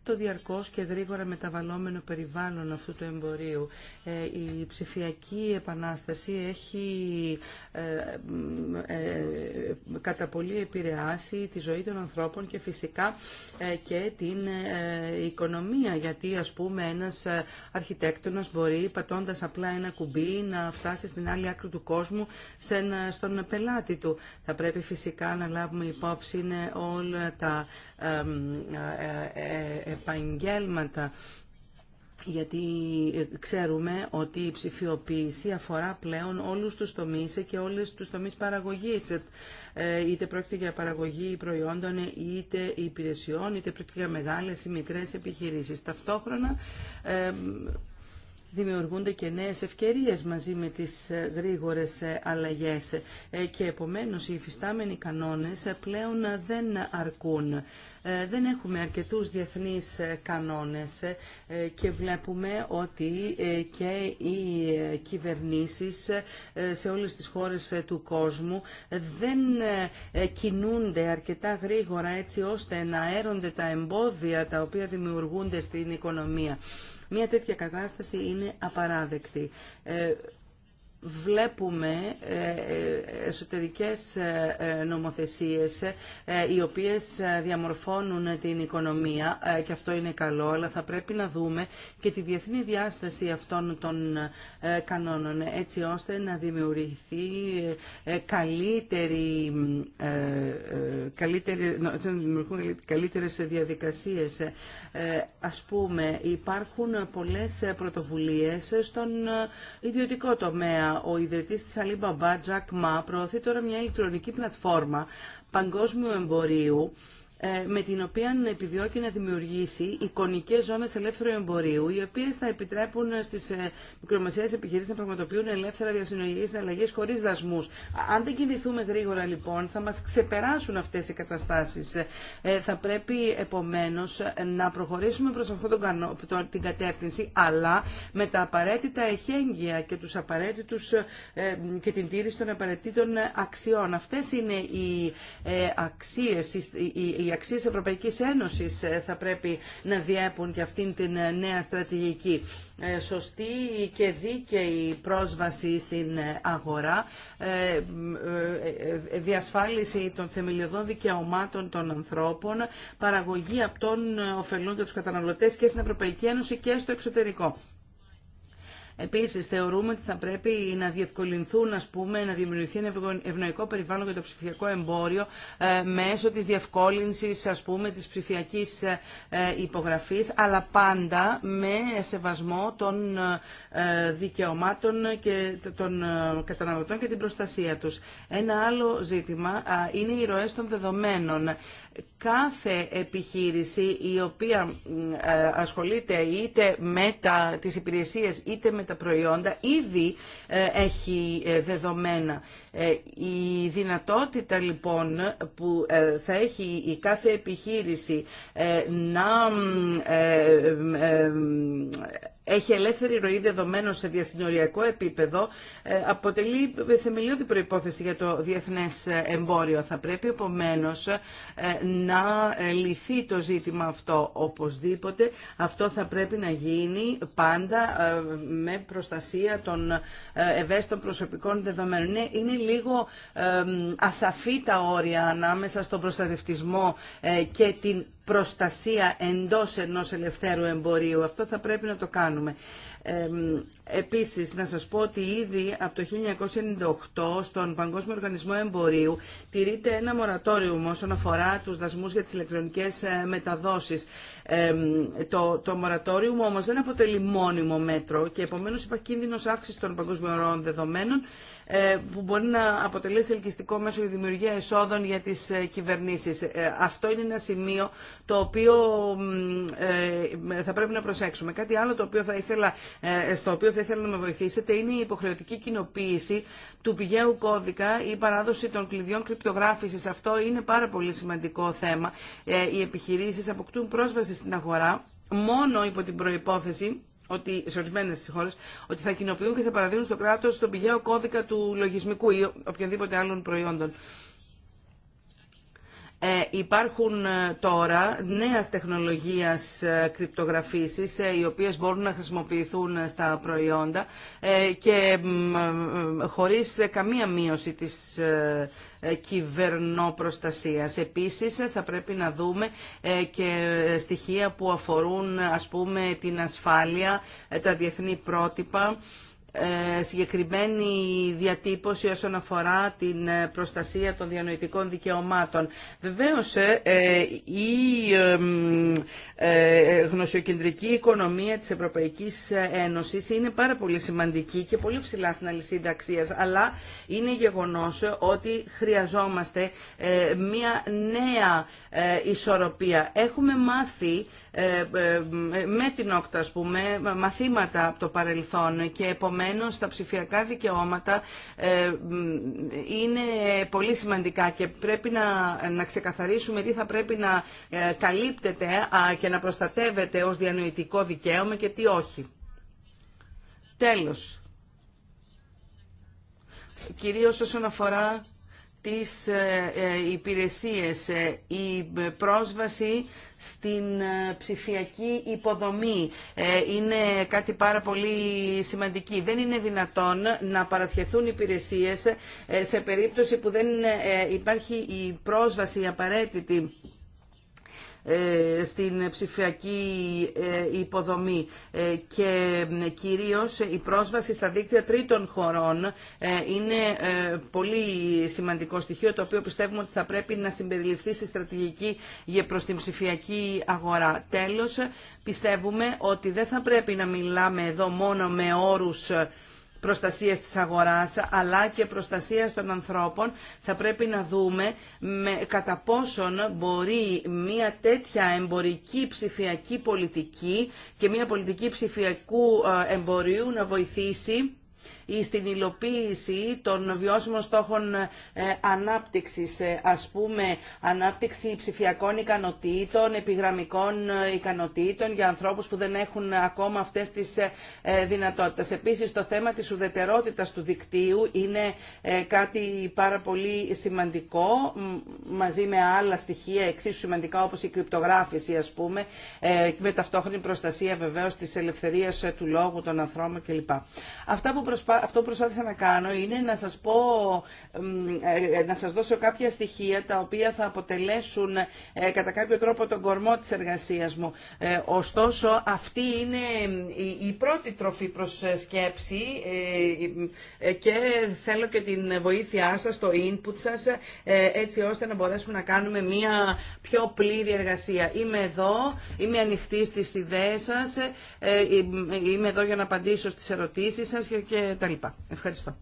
το διαρκώς και γρήγορα μεταβαλλόμενο περιβάλλον αυτού του εμπορίου. Ε, η ψηφιακή επανάσταση έχει ε, ε, κατά πολύ επηρεάσει τη ζωή των ανθρώπων και φυσικά και την οικονομία γιατί ας πούμε ένας αρχιτέκτονας μπορεί πατώντας απλά ένα κουμπί να φτάσει στην άλλη άκρη του κόσμου στον πελάτη του. Θα πρέπει φυσικά να λάβουμε υπόψη όλα τα επαγγέλματα γιατί ε, ξέρουμε ότι η ψηφιοποίηση αφορά πλέον όλους τους τομείς και όλες τους τομείς παραγωγής. Ε, είτε πρόκειται για παραγωγή προϊόντων, είτε υπηρεσιών, είτε πρόκειται για μεγάλες ή μικρές επιχειρήσεις. Ταυτόχρονα ε, δημιουργούνται και νέες ευκαιρίες μαζί με τις ε, γρήγορες ε, αλλαγές ε, και επομένως οι υφιστάμενοι κανόνες πλέον δεν αρκούν. Δεν έχουμε αρκετούς διεθνείς κανόνες και βλέπουμε ότι και οι κυβερνήσεις σε όλες τις χώρες του κόσμου δεν κινούνται αρκετά γρήγορα έτσι ώστε να έρονται τα εμπόδια τα οποία δημιουργούνται στην οικονομία. Μία τέτοια κατάσταση είναι απαράδεκτη. Ε, βλέπουμε ε, ε, εσωτερικές νομοθεσίες οι οποίες διαμορφώνουν την οικονομία και αυτό είναι καλό, αλλά θα πρέπει να δούμε και τη διεθνή διάσταση αυτών των ε, κανόνων έτσι ώστε να δημιουργηθεί ε, καλύτερη, ε, καλύτερη, δημιουργούν καλύτερες διαδικασίες. Ας πούμε υπάρχουν πολλές πρωτοβουλίες στον ιδιωτικό τομέα. Ο ιδρυτής της Alibaba, Jack Ma, προωθεί τώρα μια ηλεκτρονική πλατφόρμα παγκόσμιου εμπορίου ε, με την οποία επιδιώκει να δημιουργήσει εικονικές ζώνες ελεύθερου εμπορίου, οι οποίες θα επιτρέπουν στις ε, μικρομεσαίες επιχειρήσεις να πραγματοποιούν ελεύθερα διασυνολογικές συναλλαγές χωρίς δασμούς. Αν δεν κινηθούμε γρήγορα λοιπόν, θα μας ξεπεράσουν αυτές οι καταστάσεις. Ε, θα πρέπει επομένως να προχωρήσουμε προς αυτό τον την κατεύθυνση, αλλά με τα απαραίτητα εχέγγυα και τους απαραίτητους και την τήρηση των απαραίτητων αξιών. Αυτές είναι οι αξίες, οι αξίες ευρωπαϊκή Ένωσης ε, θα πρέπει να διέπουν και αυτήν την ε, νέα στρατηγική. Ε, σωστή και δίκαιη πρόσβαση στην αγορά, διασφάλιση των θεμελιωδών δικαιωμάτων των ανθρώπων, παραγωγή αυτών ωφελών για τους καταναλωτές και στην Ευρωπαϊκή Ένωση και στο εξωτερικό. Επίση, θεωρούμε ότι θα πρέπει να διευκολυνθούν, ας πούμε, να δημιουργηθεί ένα ευνοϊκό περιβάλλον για το ψηφιακό εμπόριο ε, μέσω της διευκόλυνση, ας πούμε, της ψηφιακής ε, ε, υπογραφής, αλλά πάντα με σεβασμό των δικαιωμάτων και των καταναλωτών και την προστασία τους. Ένα άλλο ζήτημα είναι οι ροέ των δεδομένων κάθε επιχείρηση η οποία ε, ασχολείται είτε με τα, τις υπηρεσίες είτε με τα προϊόντα ήδη ε, έχει ε, δεδομένα. Η δυνατότητα λοιπόν που θα έχει η κάθε επιχείρηση να έχει ελεύθερη ροή δεδομένων σε διασυνοριακό επίπεδο, αποτελεί θεμελιώδη προϋπόθεση για το διεθνές εμπόριο. Θα πρέπει επομένως να ε, λυθεί το ζήτημα αυτό οπωσδήποτε. Αυτό θα πρέπει να γίνει πάντα ε, με προστασία των ε, ευαίσθητων προσωπικών δεδομένων. Είναι, είναι λίγο ασαφή τα όρια ανάμεσα στον προστατευτισμό και την προστασία εντός ενός ελευθέρου εμπορίου. Αυτό θα πρέπει να το κάνουμε. Επίσης, να σας πω ότι ήδη από το 1998 στον Παγκόσμιο Οργανισμό Εμπορίου τηρείται ένα μορατόριο όσον αφορά τους δασμούς για τις ηλεκτρονικές ε, μεταδόσεις. Το, το μορατόριο όμως δεν αποτελεί μόνιμο μέτρο και επομένως υπάρχει κίνδυνος αύξησης των παγκοσμιών δεδομένων ε, που μπορεί να αποτελέσει ελκυστικό μέσο για δημιουργία εσόδων για τις ε, κυβερνήσεις. Ε, αυτό είναι ένα σημείο το οποίο θα πρέπει να προσέξουμε. Κάτι άλλο το οποίο θα ήθελα, στο οποίο θα ήθελα να με βοηθήσετε είναι η υποχρεωτική κοινοποίηση του πηγαίου κώδικα, η παράδοση των κλειδιών κρυπτογράφησης. Αυτό είναι πάρα πολύ σημαντικό θέμα. Οι επιχειρήσεις αποκτούν πρόσβαση στην αγορά μόνο υπό την προϋπόθεση ότι, σε ορισμένε χώρε ότι θα κοινοποιούν και θα παραδίνουν στο κράτο τον πηγαίο κώδικα του λογισμικού ή οποιονδήποτε άλλων προϊόντων. Ε, υπάρχουν ε, τώρα νέες τεχνολογίες ε, κρυπτογραφήσεις οι οποίες μπορούν να χρησιμοποιηθούν στα προϊόντα και χωρίς καμία μείωση της κυβερνόπροστασίας. Επίσης θα πρέπει να δούμε και στοιχεία που αφορούν ας πούμε την ασφάλεια, τα διεθνή πρότυπα ε, συγκεκριμένη διατύπωση όσον αφορά την ε, προστασία των διανοητικών δικαιωμάτων. Βεβαίως, ε, η γνωσιοκεντρική οικονομία της Ευρωπαϊκής Ένωσης είναι πάρα πολύ σημαντική και πολύ ψηλά στην αλυσίδα αξίας, αλλά είναι γεγονός ότι χρειαζόμαστε μια νέα ισορροπία. Έχουμε μάθει ε, ε, με την όκτα ας πούμε, μαθήματα από το παρελθόν και επομένως τα ψηφιακά δικαιώματα ε, είναι πολύ σημαντικά και πρέπει να, να ξεκαθαρίσουμε τι θα πρέπει να καλύπτεται και να προστατεύεται ως διανοητικό δικαίωμα και τι όχι. Τέλος. Κυρίως όσον αφορά τις ε, ε, υπηρεσίες, ε, η πρόσβαση στην ψηφιακή υποδομή είναι κάτι πάρα πολύ σημαντική. Δεν είναι δυνατόν να παρασχεθούν υπηρεσίες σε περίπτωση που δεν υπάρχει η πρόσβαση απαραίτητη ε, στην ψηφιακή ε, υποδομή ε, και κυρίως η πρόσβαση στα δίκτυα τρίτων χωρών είναι πολύ σημαντικό στοιχείο το οποίο πιστεύουμε ότι θα πρέπει να συμπεριληφθεί στη στρατηγική προς την ψηφιακή αγορά. Τέλος, πιστεύουμε ότι δεν θα πρέπει να μιλάμε εδώ μόνο με όρους προστασίας της αγοράς αλλά και προστασίας των ανθρώπων θα πρέπει να δούμε με, κατά πόσον μπορεί μια τέτοια εμπορική ψηφιακή πολιτική και μια πολιτική ψηφιακού ε, εμπορίου να βοηθήσει ή στην υλοποίηση των βιώσιμων στόχων ε, ανάπτυξης, ε, ας πούμε ανάπτυξη ψηφιακών ικανοτήτων, επιγραμμικών ε, ικανοτήτων για ανθρώπους που δεν έχουν ακόμα αυτές τις δυνατότητες. Επίσης το θέμα της ουδετερότητας του δικτύου είναι κάτι πάρα πολύ σημαντικό μαζί με άλλα στοιχεία εξίσου σημαντικά όπως η κρυπτογράφηση ας πούμε με ταυτόχρονη προστασία βεβαίως της ελευθερίας του λόγου των ανθρώπων κλπ αυτό που προσπάθησα να κάνω είναι να σας πω, ε, ε, να σας δώσω κάποια στοιχεία τα οποία θα αποτελέσουν ε, κατά κάποιο τρόπο τον κορμό της εργασίας μου. Ωστόσο, αυτή είναι η πρώτη τροφή προς σκέψη και θέλω και την βοήθειά σας, το input σας, έτσι ώστε να μπορέσουμε να κάνουμε μια πιο πλήρη εργασία. Είμαι εδώ, είμαι ανοιχτή στις ιδέες σας, είμαι εδώ για να απαντήσω στις ερωτήσεις σας και κτλ. Ευχαριστώ.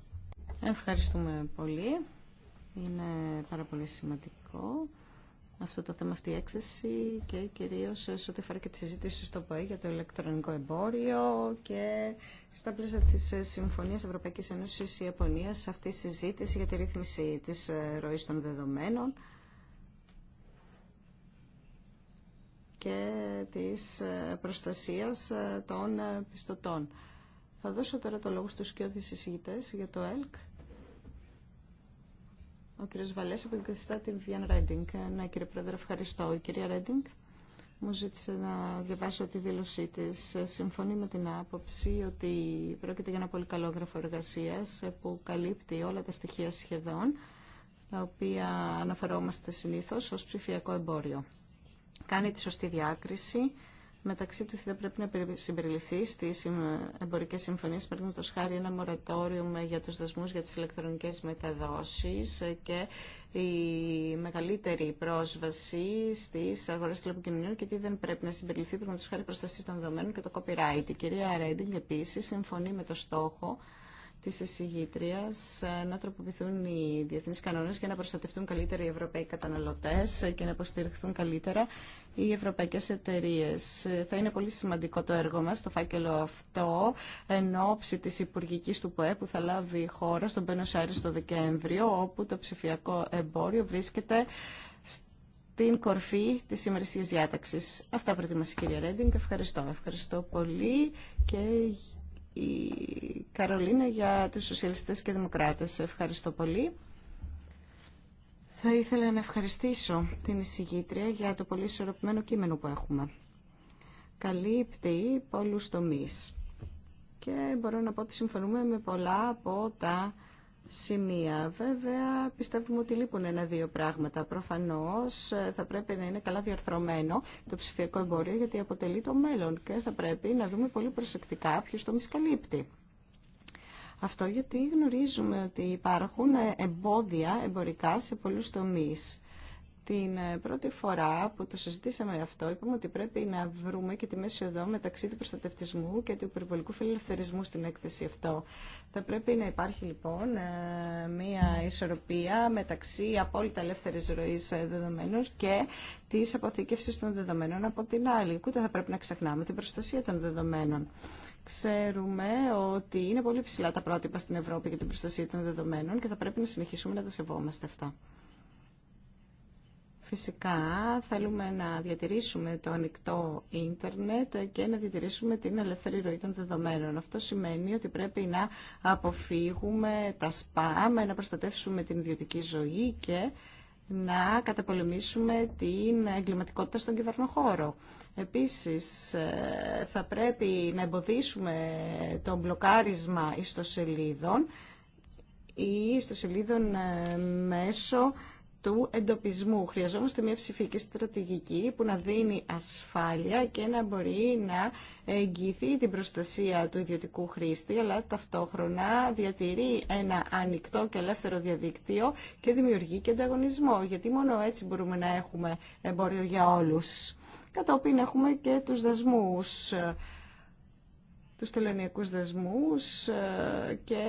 Ευχαριστούμε πολύ. Είναι πάρα πολύ σημαντικό αυτό το θέμα, αυτή η έκθεση και κυρίω σε ό,τι αφορά και τη συζήτηση στο ΠΟΕ για το ηλεκτρονικό εμπόριο και στα πλαίσια της Συμφωνίας Ευρωπαϊκής Ένωσης Ιαπωνίας αυτή η συζήτηση για τη ρύθμιση της ροή των δεδομένων και της προστασίας των πιστωτών. Θα δώσω τώρα το λόγο στους και εισηγητές για το ΕΛΚ. Ο κύριος Βαλές από την Βιάν Ρέντινγκ. Ε, ναι, κύριε Πρόεδρε, ευχαριστώ. Η κυρία Ρέντινγκ μου ζήτησε να διαβάσω τη δήλωσή τη. Ε, συμφωνεί με την άποψη ότι πρόκειται για ένα πολύ καλό γραφό εργασία ε, που καλύπτει όλα τα στοιχεία σχεδόν, τα οποία αναφερόμαστε συνήθως ως ψηφιακό εμπόριο. Κάνει τη σωστή διάκριση μεταξύ του θα πρέπει να συμπεριληφθεί στι εμπορικέ συμφωνίε, παραδείγματο χάρη ένα μορατόριο για του δεσμού για τι ηλεκτρονικέ μεταδόσει και η μεγαλύτερη πρόσβαση στι αγορέ τηλεπικοινωνιών και τι δεν πρέπει να συμπεριληφθεί, παραδείγματο χάρη προστασία των δεδομένων και το copyright. Η κυρία Ρέντινγκ επίση συμφωνεί με το στόχο Τη εισηγήτρια ε, να τροποποιηθούν οι διεθνείς κανόνες για να προστατευτούν καλύτερα οι Ευρωπαίοι καταναλωτές και να υποστηριχθούν καλύτερα οι ευρωπαϊκές εταιρείε. Ε, θα είναι πολύ σημαντικό το έργο μας, το φάκελο αυτό, εν ώψη της Υπουργικής του ΠΟΕ που θα λάβει η χώρα στον πένο στο στο Δεκέμβριο, όπου το ψηφιακό εμπόριο βρίσκεται στην κορφή τη ημερησία διάταξη. Αυτά προετοιμάσει η κυρία Ρέντινγκ. Ευχαριστώ. Ευχαριστώ πολύ και η Καρολίνα για τους Σοσιαλιστές και Δημοκράτες. Ευχαριστώ πολύ. Θα ήθελα να ευχαριστήσω την εισηγήτρια για το πολύ ισορροπημένο κείμενο που έχουμε. Καλύπτει πολλούς τομείς και μπορώ να πω ότι συμφωνούμε με πολλά από τα σημεία. Βέβαια, πιστεύουμε ότι λείπουν ένα-δύο πράγματα. Προφανώ ε, θα πρέπει να είναι καλά διαρθρωμένο το ψηφιακό εμπόριο, γιατί αποτελεί το μέλλον και θα πρέπει να δούμε πολύ προσεκτικά ποιο το μισκαλύπτει. Αυτό γιατί γνωρίζουμε ότι υπάρχουν εμπόδια εμπορικά σε πολλούς τομείς. Την ε, πρώτη φορά που το συζητήσαμε αυτό, είπαμε ότι πρέπει να βρούμε και τη μέση εδώ μεταξύ του προστατευτισμού και του υπερβολικού φιλελευθερισμού στην έκθεση αυτό. Θα πρέπει να υπάρχει λοιπόν ε, μία ισορροπία μεταξύ απόλυτα ελεύθερη ροή ε, δεδομένων και τη αποθήκευση των δεδομένων από την άλλη. Ούτε θα πρέπει να ξεχνάμε την προστασία των δεδομένων. Ξέρουμε ότι είναι πολύ ψηλά τα πρότυπα στην Ευρώπη για την προστασία των δεδομένων και θα πρέπει να συνεχίσουμε να τα σεβόμαστε αυτά. Φυσικά θέλουμε να διατηρήσουμε το ανοιχτό ίντερνετ και να διατηρήσουμε την ελεύθερη ροή των δεδομένων. Αυτό σημαίνει ότι πρέπει να αποφύγουμε τα spam, να προστατεύσουμε την ιδιωτική ζωή και να καταπολεμήσουμε την εγκληματικότητα στον κυβερνοχώρο. Επίσης, ε, θα πρέπει να εμποδίσουμε το μπλοκάρισμα ιστοσελίδων ή ιστοσελίδων ε, μέσω του εντοπισμού. Χρειαζόμαστε μια ψηφική στρατηγική που να δίνει ασφάλεια και να μπορεί να εγγυηθεί την προστασία του ιδιωτικού χρήστη, αλλά ταυτόχρονα διατηρεί ένα ανοιχτό και ελεύθερο διαδίκτυο και δημιουργεί και ανταγωνισμό, γιατί μόνο έτσι μπορούμε να έχουμε εμπόριο για όλους. Κατόπιν έχουμε και τους δασμούς τους τελωνιακού δεσμούς ε, και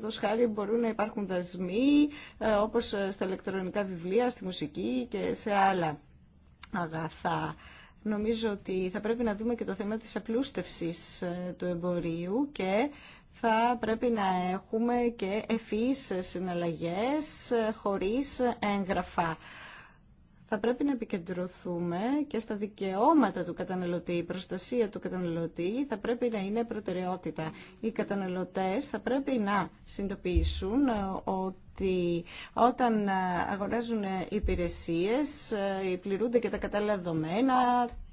το χάρη μπορούν να υπάρχουν δασμοί ε, όπως ε, στα ηλεκτρονικά βιβλία, στη μουσική και σε άλλα αγαθά. Νομίζω ότι θα πρέπει να δούμε και το θέμα της απλούστευσης του εμπορίου και θα πρέπει να έχουμε και ευφύς συναλλαγές χωρίς έγγραφα θα πρέπει να επικεντρωθούμε και στα δικαιώματα του καταναλωτή. Η προστασία του καταναλωτή θα πρέπει να είναι προτεραιότητα. Οι καταναλωτές θα πρέπει να συνειδητοποιήσουν ε, ότι όταν ε, αγοράζουν ε, υπηρεσίες πληρούνται και τα κατάλληλα δεδομένα,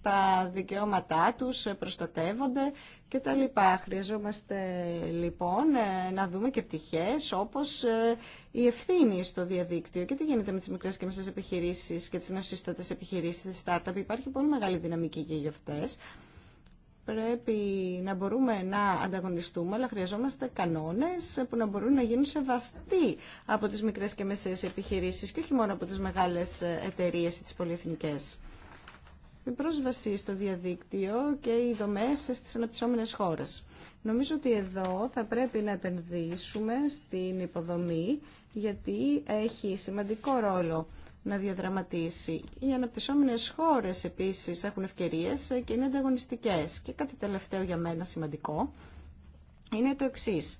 τα δικαιώματά τους ε, προστατεύονται και τα λοιπά. Χρειαζόμαστε λοιπόν ε, να δούμε και πτυχές όπως ε, η ευθύνη στο διαδίκτυο και τι γίνεται με τις μικρές και μεσές επιχειρήσεις και τις νοσίστατες επιχειρήσεις, τις startup. Υπάρχει πολύ μεγάλη δυναμική και για αυτές. Πρέπει να μπορούμε να ανταγωνιστούμε, αλλά χρειαζόμαστε κανόνες που να μπορούν να γίνουν σεβαστοί από τις μικρές και μεσαίες επιχειρήσεις και όχι μόνο από τις μεγάλες εταιρείες ή τις πολυεθνικές η πρόσβαση στο διαδίκτυο και οι δομές στις αναπτυσσόμενες χώρες. Νομίζω ότι εδώ θα πρέπει να επενδύσουμε στην υποδομή γιατί έχει σημαντικό ρόλο να διαδραματίσει. Οι αναπτυσσόμενες χώρες επίσης έχουν ευκαιρίες και είναι ανταγωνιστικές. Και κάτι τελευταίο για μένα σημαντικό είναι το εξής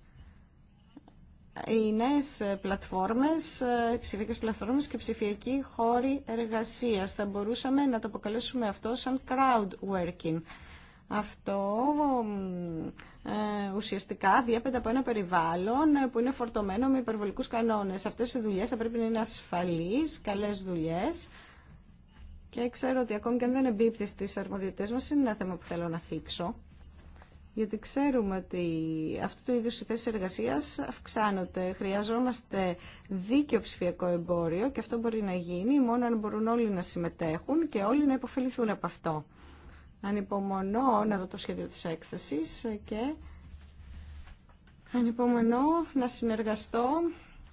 οι νέες ε, πλατφόρμες, ε, ψηφιακές πλατφόρμες και ψηφιακοί χώροι εργασίας. Θα μπορούσαμε να το αποκαλέσουμε αυτό σαν crowd working. Αυτό ε, ουσιαστικά διέπεται από ένα περιβάλλον που είναι φορτωμένο με υπερβολικούς κανόνες. Αυτές οι δουλειές θα πρέπει να είναι ασφαλείς, καλές δουλειές και ξέρω ότι ακόμη και αν δεν εμπίπτει στις αρμοδιότητες μας είναι ένα θέμα που θέλω να θίξω γιατί ξέρουμε ότι αυτού του είδους οι θέσεις εργασίας αυξάνονται. Χρειαζόμαστε δίκαιο ψηφιακό εμπόριο και αυτό μπορεί να γίνει μόνο αν μπορούν όλοι να συμμετέχουν και όλοι να υποφεληθούν από αυτό. Ανυπομονώ να δω το σχέδιο της έκθεσης και ανυπομονώ να συνεργαστώ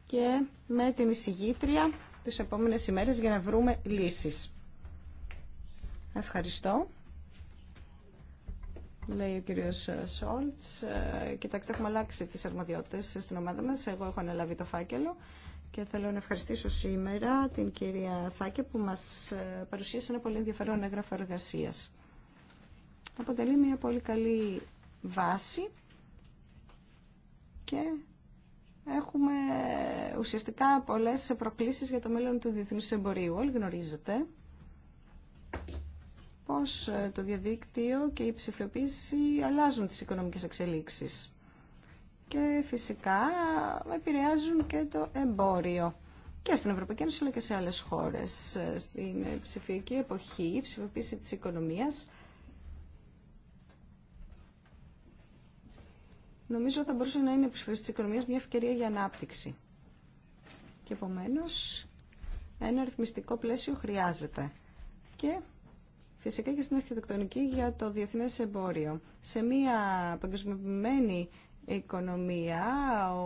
και με την εισηγήτρια τις επόμενες ημέρες για να βρούμε λύσεις. Ευχαριστώ λέει ο κύριο Σόλτ. Ε, κοιτάξτε, έχουμε αλλάξει τι αρμοδιότητε στην ομάδα μα. Εγώ έχω αναλάβει το φάκελο και θέλω να ευχαριστήσω σήμερα την κυρία Σάκε που μα ε, παρουσίασε ένα πολύ ενδιαφέρον έγγραφο εργασία. Αποτελεί μια πολύ καλή βάση και έχουμε ε, ουσιαστικά πολλές προκλήσεις για το μέλλον του διεθνούς εμπορίου. Όλοι γνωρίζετε πώς ε, το διαδίκτυο και η ψηφιοποίηση αλλάζουν τις οικονομικές εξελίξεις. Και φυσικά επηρεάζουν και το εμπόριο και στην Ευρωπαϊκή Ένωση αλλά και σε άλλες χώρες. Ε, στην ψηφιακή εποχή, η ψηφιοποίηση της οικονομίας νομίζω θα μπορούσε να είναι η ψηφιοποίηση της οικονομίας μια ευκαιρία για ανάπτυξη. Και επομένως ένα ρυθμιστικό πλαίσιο χρειάζεται. Και φυσικά και στην αρχιτεκτονική για το διεθνέ εμπόριο. Σε μια παγκοσμιοποιημένη οικονομία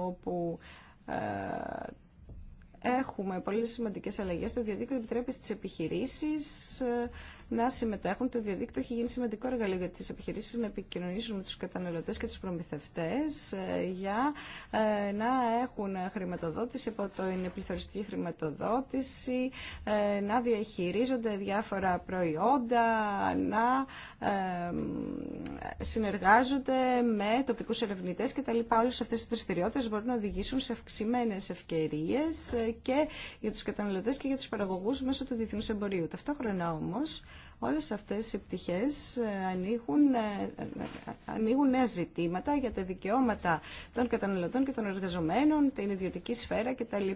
όπου ε, έχουμε πολύ σημαντικές αλλαγές, το διαδίκτυο επιτρέπει στις επιχειρήσεις ε, να συμμετέχουν. Το διαδίκτυο έχει γίνει σημαντικό εργαλείο για τι επιχειρήσεις να επικοινωνήσουν με του καταναλωτέ και του προμηθευτέ, ε, για ε, να έχουν χρηματοδότηση από το είναι πληθωριστική χρηματοδότηση, ε, να διαχειρίζονται διάφορα προϊόντα, να συνεργάζονται με τοπικούς ερευνητέ κτλ. Όλε αυτέ οι δραστηριότητε μπορούν να οδηγήσουν σε αυξημένε ευκαιρίε και για του καταναλωτέ και για του παραγωγού μέσω του διεθνού εμπορίου. Ταυτόχρονα όμω, Όλες αυτές οι πτυχές ε, ανοίγουν, ε, ε, ανοίγουν νέα ζητήματα για τα δικαιώματα των καταναλωτών και των εργαζομένων, την ιδιωτική σφαίρα κτλ.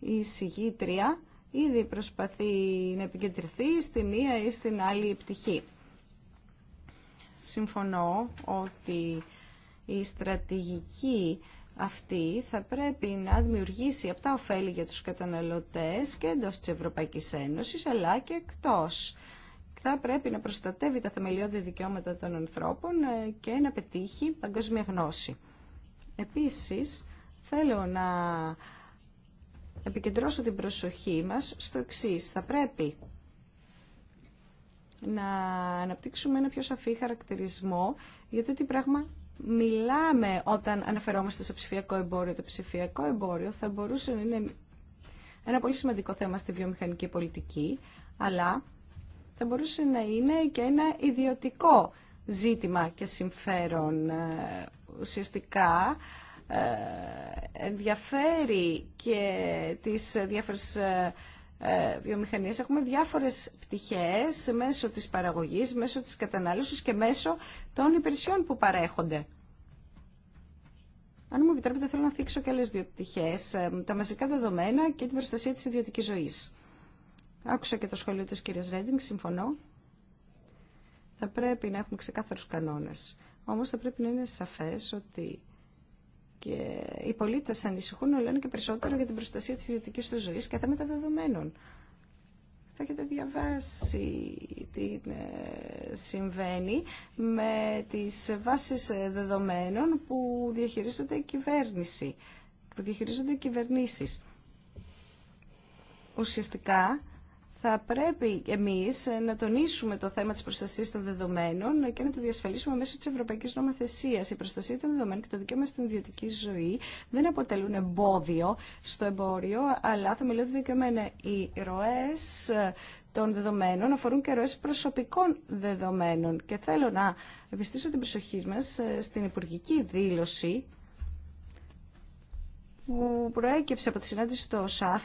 Η συγγήτρια ήδη προσπαθεί να επικεντρωθεί στη μία ή στην άλλη πτυχή. Συμφωνώ ότι η στρατηγική αυτή θα πρέπει να δημιουργήσει αυτά ωφέλη για τους καταναλωτές και εντός της Ευρωπαϊκής Ένωσης αλλά και εκτός θα πρέπει να προστατεύει τα θεμελιώδη δικαιώματα των ανθρώπων ε, και να πετύχει παγκόσμια γνώση. Επίσης, θέλω να επικεντρώσω την προσοχή μας στο εξή. Θα πρέπει να αναπτύξουμε ένα πιο σαφή χαρακτηρισμό για το τι πράγμα μιλάμε όταν αναφερόμαστε στο ψηφιακό εμπόριο. Το ψηφιακό εμπόριο θα μπορούσε να είναι ένα πολύ σημαντικό θέμα στη βιομηχανική πολιτική, αλλά θα μπορούσε να είναι και ένα ιδιωτικό ζήτημα και συμφέρον. Ε, ουσιαστικά ε, ενδιαφέρει και τις διάφορες ε, βιομηχανίες. Έχουμε διάφορες πτυχές μέσω της παραγωγής, μέσω της κατανάλωσης και μέσω των υπηρεσιών που παρέχονται. Αν μου επιτρέπετε, θέλω να θίξω και άλλε δύο πτυχέ. Τα μαζικά δεδομένα και την προστασία της ιδιωτική ζωής. Άκουσα και το σχολείο της κυρίας Ρέντινγκ, συμφωνώ. Θα πρέπει να έχουμε ξεκάθαρους κανόνες. Όμως θα πρέπει να είναι σαφές ότι και οι πολίτες ανησυχούν όλο και περισσότερο για την προστασία της ιδιωτικής του ζωής και τα δεδομένων. Θα έχετε διαβάσει τι ε, συμβαίνει με τις βάσεις δεδομένων που διαχειρίζονται η κυβέρνηση, που διαχειρίζονται οι κυβερνήσεις. Ουσιαστικά θα πρέπει εμείς να τονίσουμε το θέμα της προστασίας των δεδομένων και να το διασφαλίσουμε μέσω της Ευρωπαϊκής Νομοθεσίας. Η προστασία των δεδομένων και το δικαίωμα στην ιδιωτική ζωή δεν αποτελούν εμπόδιο στο εμπόριο, αλλά θα θεμελιώδη δικαιωμένα οι ροές των δεδομένων αφορούν και ροές προσωπικών δεδομένων. Και θέλω να επιστήσω την προσοχή μας ε, στην υπουργική δήλωση που προέκυψε από τη συνάντηση στο ΩΣΑ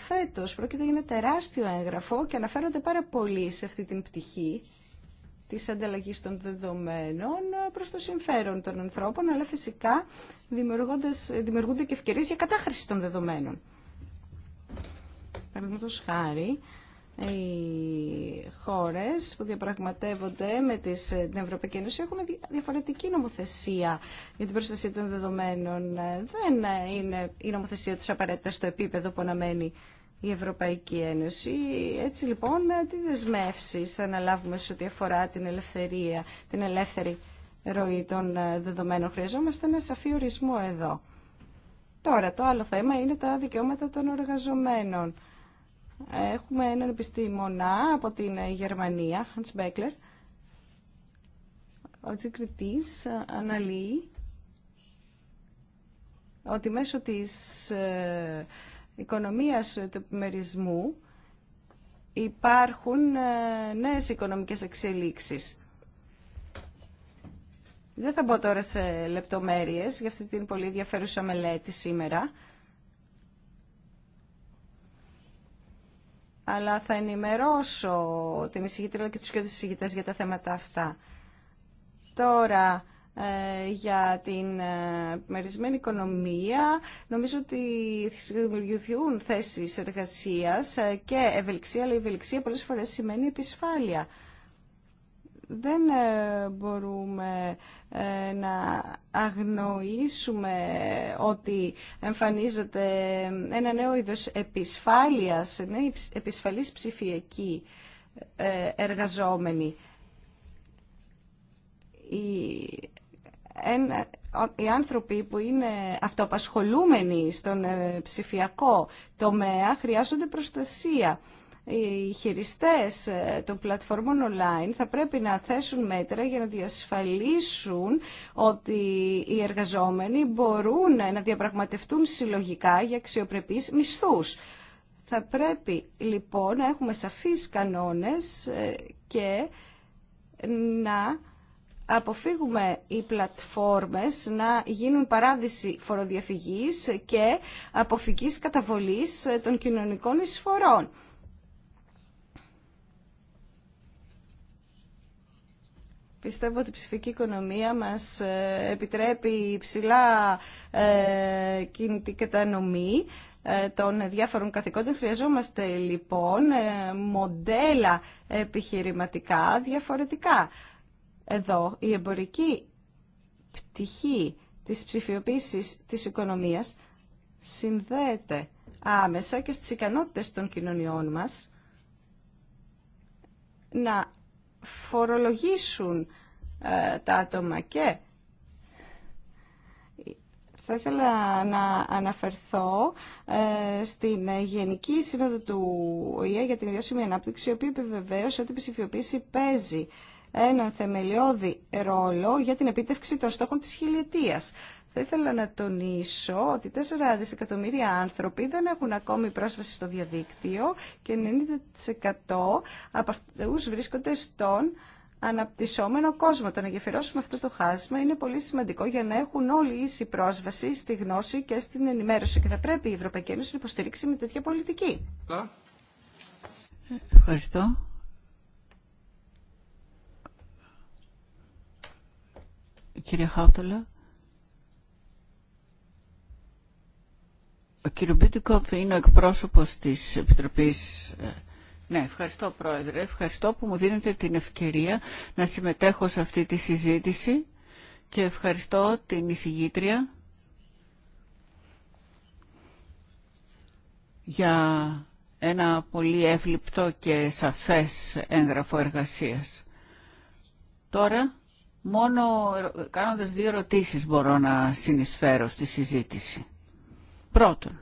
πρόκειται για ένα τεράστιο έγγραφο και αναφέρονται πάρα πολύ σε αυτή την πτυχή της ανταλλαγής των δεδομένων προς το συμφέρον των ανθρώπων, αλλά φυσικά δημιουργούνται και ευκαιρίες για κατάχρηση των δεδομένων. Παραδείγματο χάρη, οι χώρες που διαπραγματεύονται με τις, την Ευρωπαϊκή Ένωση έχουν διαφορετική νομοθεσία για την προστασία των δεδομένων. Δεν είναι η νομοθεσία τους απαραίτητα στο επίπεδο που αναμένει η Ευρωπαϊκή Ένωση. Έτσι λοιπόν, τι δεσμεύσει θα αναλάβουμε σε ό,τι αφορά την ελευθερία, την ελεύθερη ροή των ε, δεδομένων. Χρειαζόμαστε ένα σαφή ορισμό εδώ. Τώρα, το άλλο θέμα είναι τα δικαιώματα των εργαζομένων έχουμε έναν επιστήμονα από την ε, Γερμανία, Hans Beckler, ο Τζικριτής ε, αναλύει ότι μέσω της ε, οικονομίας του επιμερισμού υπάρχουν νέες οικονομικές εξελίξεις. Δεν θα μπω τώρα σε λεπτομέρειες για αυτή την πολύ ενδιαφέρουσα μελέτη σήμερα. αλλά θα ενημερώσω την εισηγήτρια και τους και τους εισηγητές για τα θέματα αυτά. Τώρα, ε, για την ε, μερισμένη οικονομία. Νομίζω ότι δημιουργηθούν θέσεις εργασίας ε, και ευελιξία, αλλά η ευελιξία πολλές φορές σημαίνει επισφάλεια δεν ε, μπορούμε ε, να αγνοήσουμε ότι εμφανίζεται ένα νέο είδος επισφάλειας, επισφαλή επισφαλής εργαζόμενη. εργαζόμενη. Οι άνθρωποι που είναι αυτοπασχολούμενοι στον ε, ψηφιακό τομέα χρειάζονται προστασία οι χειριστές ε, των πλατφορμών online θα πρέπει να θέσουν μέτρα για να διασφαλίσουν ότι οι εργαζόμενοι μπορούν να διαπραγματευτούν συλλογικά για αξιοπρεπείς μισθούς. Θα πρέπει λοιπόν να έχουμε σαφείς κανόνες ε, και να αποφύγουμε οι πλατφόρμες να γίνουν παράδειση φοροδιαφυγής και αποφυγής καταβολής ε, των κοινωνικών εισφορών. Πιστεύω ότι η ψηφική οικονομία μας ε, επιτρέπει ψηλά ε, κινητή κατανομή ε, των διάφορων καθηκόντων. Χρειαζόμαστε λοιπόν ε, μοντέλα επιχειρηματικά διαφορετικά. Εδώ η εμπορική πτυχή της ψηφιοποίησης της οικονομίας συνδέεται άμεσα και στις ικανότητες των κοινωνιών μας να φορολογήσουν ε, τα άτομα και θα ήθελα να αναφερθώ ε, στην Γενική Σύνοδο του ΟΗΕ για την Βιώσιμη Ανάπτυξη, η οποία επιβεβαίωσε ότι η ψηφιοποίηση παίζει έναν θεμελιώδη ρόλο για την επίτευξη των στόχων της χιλιετίας. Θα ήθελα να τονίσω ότι 4 δισεκατομμύρια άνθρωποι δεν έχουν ακόμη πρόσβαση στο διαδίκτυο και 90% από αυτού βρίσκονται στον αναπτυσσόμενο κόσμο. Το να γεφυρώσουμε αυτό το χάσμα είναι πολύ σημαντικό για να έχουν όλοι ίση πρόσβαση στη γνώση και στην ενημέρωση και θα πρέπει η Ευρωπαϊκή Ένωση να υποστηρίξει με τέτοια πολιτική. Ευχαριστώ. Κύριε Ο κύριο Μπίτικοφ είναι ο εκπρόσωπος της Επιτροπής ε, ναι, ευχαριστώ Πρόεδρε. Ευχαριστώ που μου δίνετε την ευκαιρία να συμμετέχω σε αυτή τη συζήτηση και ευχαριστώ την εισηγήτρια για ένα πολύ εύληπτο και σαφές έγγραφο εργασίας. Τώρα, μόνο ε, κάνοντας δύο ερωτήσεις μπορώ να συνεισφέρω στη συζήτηση. Πρώτον,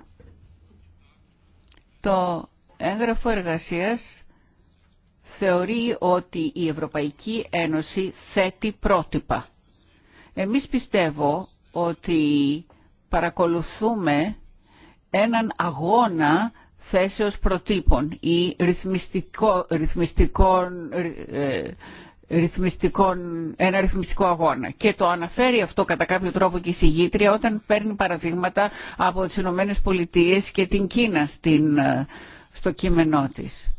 το έγγραφο εργασίας θεωρεί ότι η Ευρωπαϊκή Ένωση θέτει πρότυπα. Εμείς πιστεύω ότι παρακολουθούμε έναν αγώνα θέσεως προτύπων ή ρυθμιστικών, ε, ένα ρυθμιστικό αγώνα. Και το αναφέρει αυτό κατά κάποιο τρόπο και η συγγήτρια όταν παίρνει παραδείγματα από τις Ηνωμένε Πολιτείε και την Κίνα στην, ε, στο κείμενό της.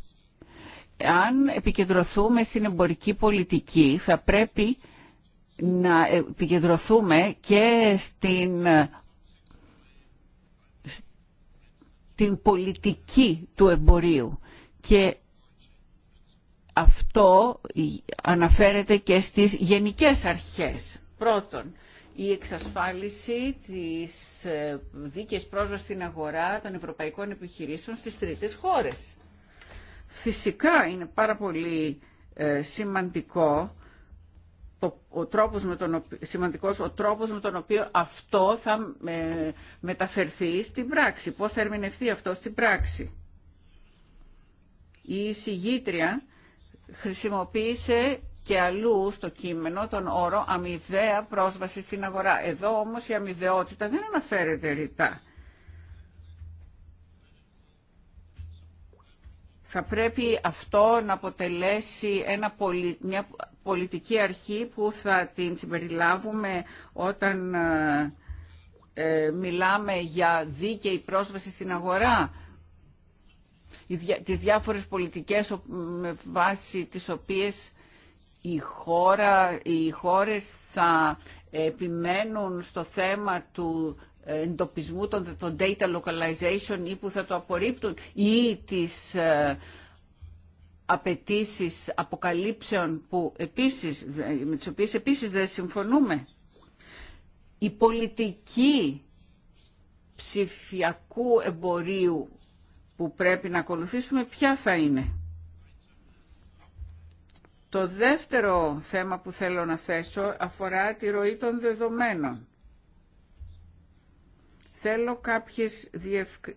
Αν επικεντρωθούμε στην εμπορική πολιτική θα πρέπει να επικεντρωθούμε και στην ε, την πολιτική του εμπορίου και αυτό αναφέρεται και στις γενικές αρχές. Πρώτον, η εξασφάλιση της ε, δίκαιης πρόσβασης στην αγορά των ευρωπαϊκών επιχειρήσεων στις τρίτες χώρες. Φυσικά είναι πάρα πολύ ε, σημαντικό ο τρόπος με τον οποίο, σημαντικός ο τρόπος με τον οποίο αυτό θα ε, μεταφερθεί στην πράξη, πώς θα ερμηνευτεί αυτό στην πράξη. Η συγγήτρια χρησιμοποίησε και αλλού στο κείμενο τον όρο αμοιβαία πρόσβαση στην αγορά. Εδώ όμως η αμοιβαιότητα δεν αναφέρεται ρητά. Θα πρέπει αυτό να αποτελέσει ένα μια πολιτική αρχή που θα την συμπεριλάβουμε όταν ε, ε, μιλάμε για δίκαιη πρόσβαση στην αγορά τις διάφορες πολιτικές με βάση τις οποίες η χώρα, οι χώρες θα επιμένουν στο θέμα του εντοπισμού των, data localization ή που θα το απορρίπτουν ή τις ε, απαιτήσει αποκαλύψεων που επίσης, με τις οποίες επίσης δεν συμφωνούμε. Η πολιτική ψηφιακού εμπορίου που πρέπει να ακολουθήσουμε ποια θα είναι. Το δεύτερο θέμα που θέλω να θέσω αφορά τη ροή των δεδομένων. Θέλω κάποιες,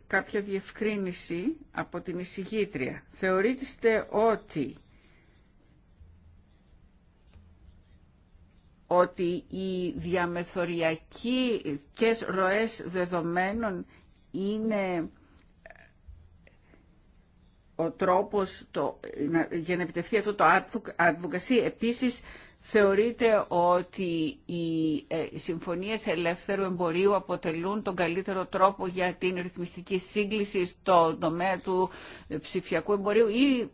κάποια διευκρίνηση από την εισηγήτρια. Θεωρείτε ότι ότι οι διαμεθοριακές ροές δεδομένων είναι ο τρόπος το, για να επιτευχθεί αυτό το advocacy επίσης θεωρείται ότι ε, οι συμφωνίες ελεύθερου εμπορίου αποτελούν τον καλύτερο τρόπο για την ρυθμιστική σύγκληση στο τομέα του ψηφιακού εμπορίου ή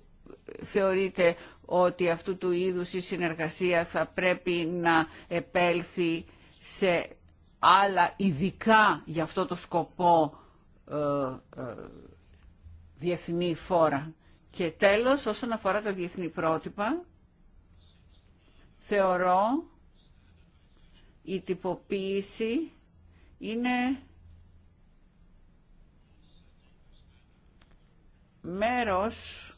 θεωρείται ότι αυτού του είδους η συνεργασία θα πρέπει να επέλθει σε άλλα ειδικά για αυτό το σκοπό ε, ε, διεθνή φόρα. Και τέλος, όσον αφορά τα διεθνή πρότυπα, θεωρώ η τυποποίηση είναι μέρος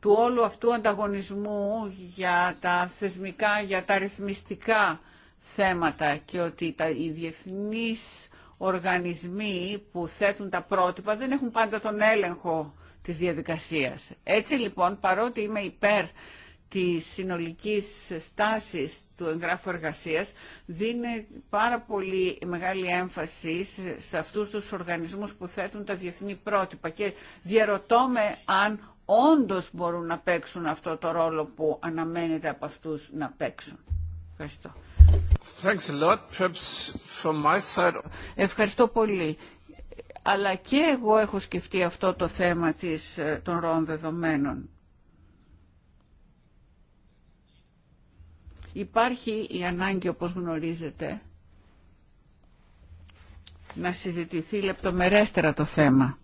του όλου αυτού ανταγωνισμού για τα θεσμικά, για τα ρυθμιστικά θέματα και ότι τα, οι διεθνείς οργανισμοί που θέτουν τα πρότυπα δεν έχουν πάντα τον έλεγχο της διαδικασίας. Έτσι λοιπόν, παρότι είμαι υπέρ της συνολικής στάσης του εγγράφου εργασίας δίνει πάρα πολύ μεγάλη έμφαση σε αυτούς τους οργανισμούς που θέτουν τα διεθνή πρότυπα και διαρωτώ αν όντως μπορούν να παίξουν αυτό το ρόλο που αναμένεται από αυτούς να παίξουν. Ευχαριστώ. πολύ. Αλλά και εγώ έχω σκεφτεί αυτό το θέμα της, ε, των ροών δεδομένων. Υπάρχει η ανάγκη, όπως γνωρίζετε, να συζητηθεί λεπτομερέστερα το θέμα.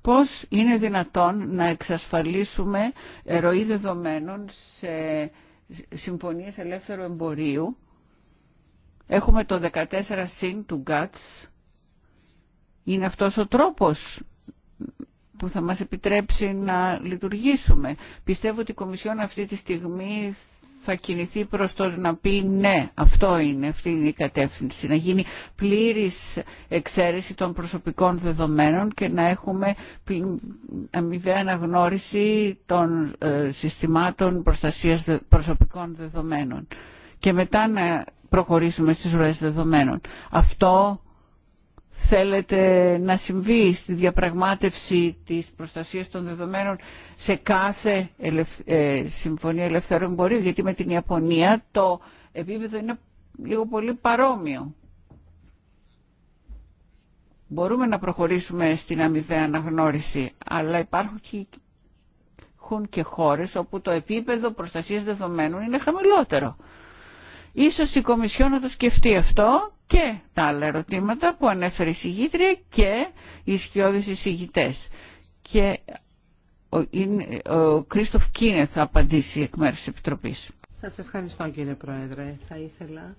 Πώς είναι δυνατόν να εξασφαλίσουμε ροή δεδομένων σε συμφωνίες ελεύθερου εμπορίου. Έχουμε το 14 συν του ΓΚΑΤΣ. Είναι αυτός ο τρόπος που θα μας επιτρέψει να λειτουργήσουμε. Πιστεύω ότι η Κομισιόν αυτή τη στιγμή θα κινηθεί προς το να πει ναι, αυτό είναι, αυτή είναι η κατεύθυνση, να γίνει πλήρης εξαίρεση των προσωπικών δεδομένων και να έχουμε αμοιβαία αναγνώριση των ε, συστημάτων προστασίας προσωπικών δεδομένων και μετά να προχωρήσουμε στις ροές δεδομένων. Αυτό θέλετε να συμβεί στη διαπραγμάτευση της προστασίας των δεδομένων σε κάθε ε, συμφωνία ελευθερών εμπορίου, γιατί με την Ιαπωνία το επίπεδο είναι λίγο πολύ παρόμοιο. Μπορούμε να προχωρήσουμε στην αμοιβαία αναγνώριση, αλλά υπάρχουν και χώρες όπου το επίπεδο προστασίας δεδομένων είναι χαμηλότερο. Ίσως η Κομισιόν να το σκεφτεί αυτό και τα άλλα ερωτήματα που ανέφερε η συγγήτρια και οι σκιώδες εισηγητές. Και ο, ο Κρίστοφ Κίνε θα απαντήσει εκ μέρους της Επιτροπής. Σας ευχαριστώ κύριε Πρόεδρε. Θα ήθελα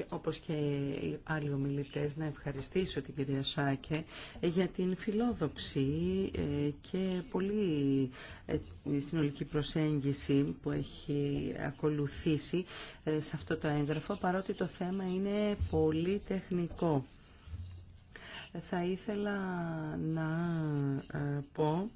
και όπως και οι άλλοι ομιλητές να ευχαριστήσω την κυρία Σάκε για την φιλόδοξη ε, και πολύ ε, συνολική προσέγγιση που έχει ακολουθήσει ε, σε αυτό το έγγραφο παρότι το θέμα είναι πολύ τεχνικό. Θα ήθελα να πω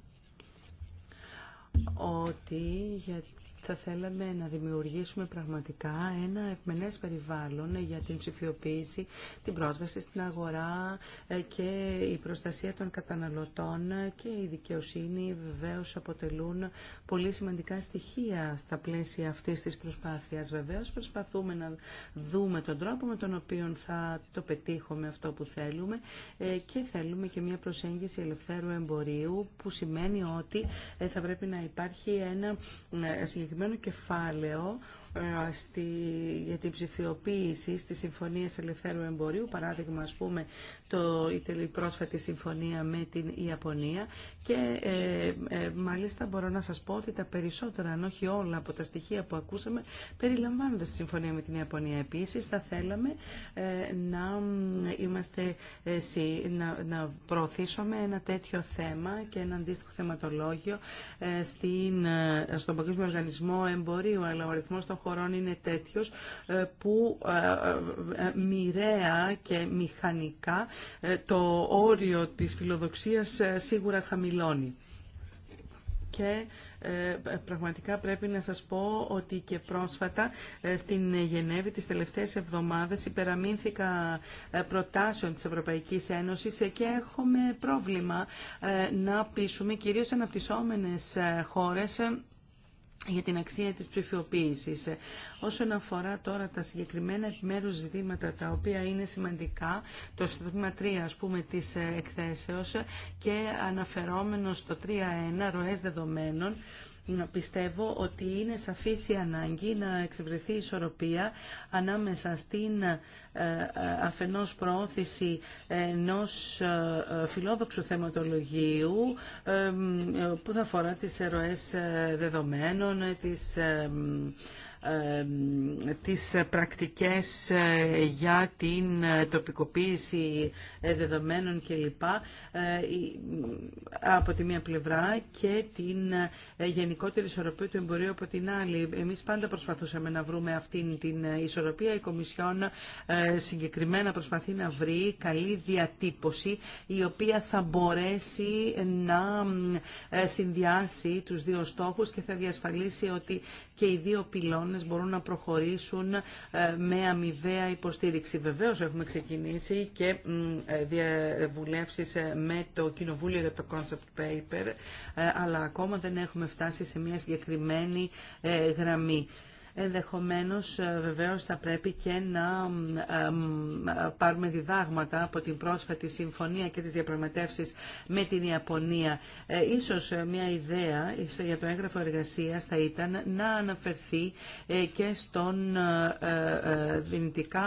ότι για θα θέλαμε να δημιουργήσουμε πραγματικά ένα ευμενές περιβάλλον για την ψηφιοποίηση, την πρόσβαση στην αγορά ε, και η προστασία των καταναλωτών και η δικαιοσύνη βεβαίως αποτελούν πολύ σημαντικά στοιχεία στα πλαίσια αυτής της προσπάθειας. Βεβαίως προσπαθούμε να δούμε τον τρόπο με τον οποίο θα το πετύχουμε αυτό που θέλουμε ε, και θέλουμε και μια προσέγγιση ελευθέρου εμπορίου που σημαίνει ότι ε, θα πρέπει να υπάρχει ένα συγκεκριμένο συγκεκριμένο κεφάλαιο ε, στη, για την ψηφιοποίηση στη συμφωνία ελευθέρου εμπορίου, παράδειγμα ας πούμε το, η πρόσφατη συμφωνία με την Ιαπωνία και ε, ε, μάλιστα μπορώ να σας πω ότι τα περισσότερα, αν όχι όλα από τα στοιχεία που ακούσαμε, περιλαμβάνονται στη συμφωνία με την Ιαπωνία. Επίσης θα θέλαμε ε, να είμαστε ε, να, να προωθήσουμε ένα τέτοιο θέμα και ένα αντίστοιχο θεματολόγιο στην, στον Παγκόσμιο Οργανισμό Εμπορίου, αλλά ο αριθμός των χωρών είναι τέτοιος ε, που ε, ε, μοιραία και μηχανικά το όριο της φιλοδοξίας σίγουρα χαμηλώνει. Και πραγματικά πρέπει να σας πω ότι και πρόσφατα στην Γενέβη τις τελευταίες εβδομάδες υπεραμείνθηκα προτάσεων της Ευρωπαϊκής Ένωσης και έχουμε πρόβλημα να πείσουμε κυρίως αναπτυσσόμενες χώρες για την αξία της ψηφιοποίηση. Ε, όσον αφορά τώρα τα συγκεκριμένα επιμέρους ζητήματα τα οποία είναι σημαντικά, το στήμα 3 ας πούμε της ε, εκθέσεως ε, και αναφερόμενο στο 3.1 ροές δεδομένων, πιστεύω ότι είναι σαφής η ανάγκη να εξευρεθεί ισορροπία ανάμεσα στην αφενός προώθηση ενός ε, ε, φιλόδοξου θεματολογίου ε, που θα αφορά τις ροές δεδομένων, τις τις πρακτικές για την τοπικοποίηση δεδομένων κλπ. από τη μία πλευρά και την γενικότερη ισορροπία του εμπορίου από την άλλη. Εμείς πάντα προσπαθούσαμε να βρούμε αυτήν την ισορροπία. Η Κομισιόν συγκεκριμένα προσπαθεί να βρει καλή διατύπωση η οποία θα μπορέσει να ε, συνδυάσει τους δύο στόχους και θα διασφαλίσει ότι και οι δύο πυλώνες μπορούν να προχωρήσουν ε, με αμοιβαία υποστήριξη. Βεβαίως έχουμε ξεκινήσει και ε, διαβουλεύσεις με το Κοινοβούλιο για το Concept Paper, αλλά ακόμα δεν έχουμε φτάσει σε μια συγκεκριμένη γραμμή. Ενδεχομένως ε, βεβαίως θα πρέπει και να ε, πάρουμε διδάγματα από την πρόσφατη συμφωνία και τις διαπραγματεύσεις με την Ιαπωνία. Ε, ίσως μια ιδέα για το έγγραφο εργασίας θα ήταν να αναφερθεί και στον δυνητικά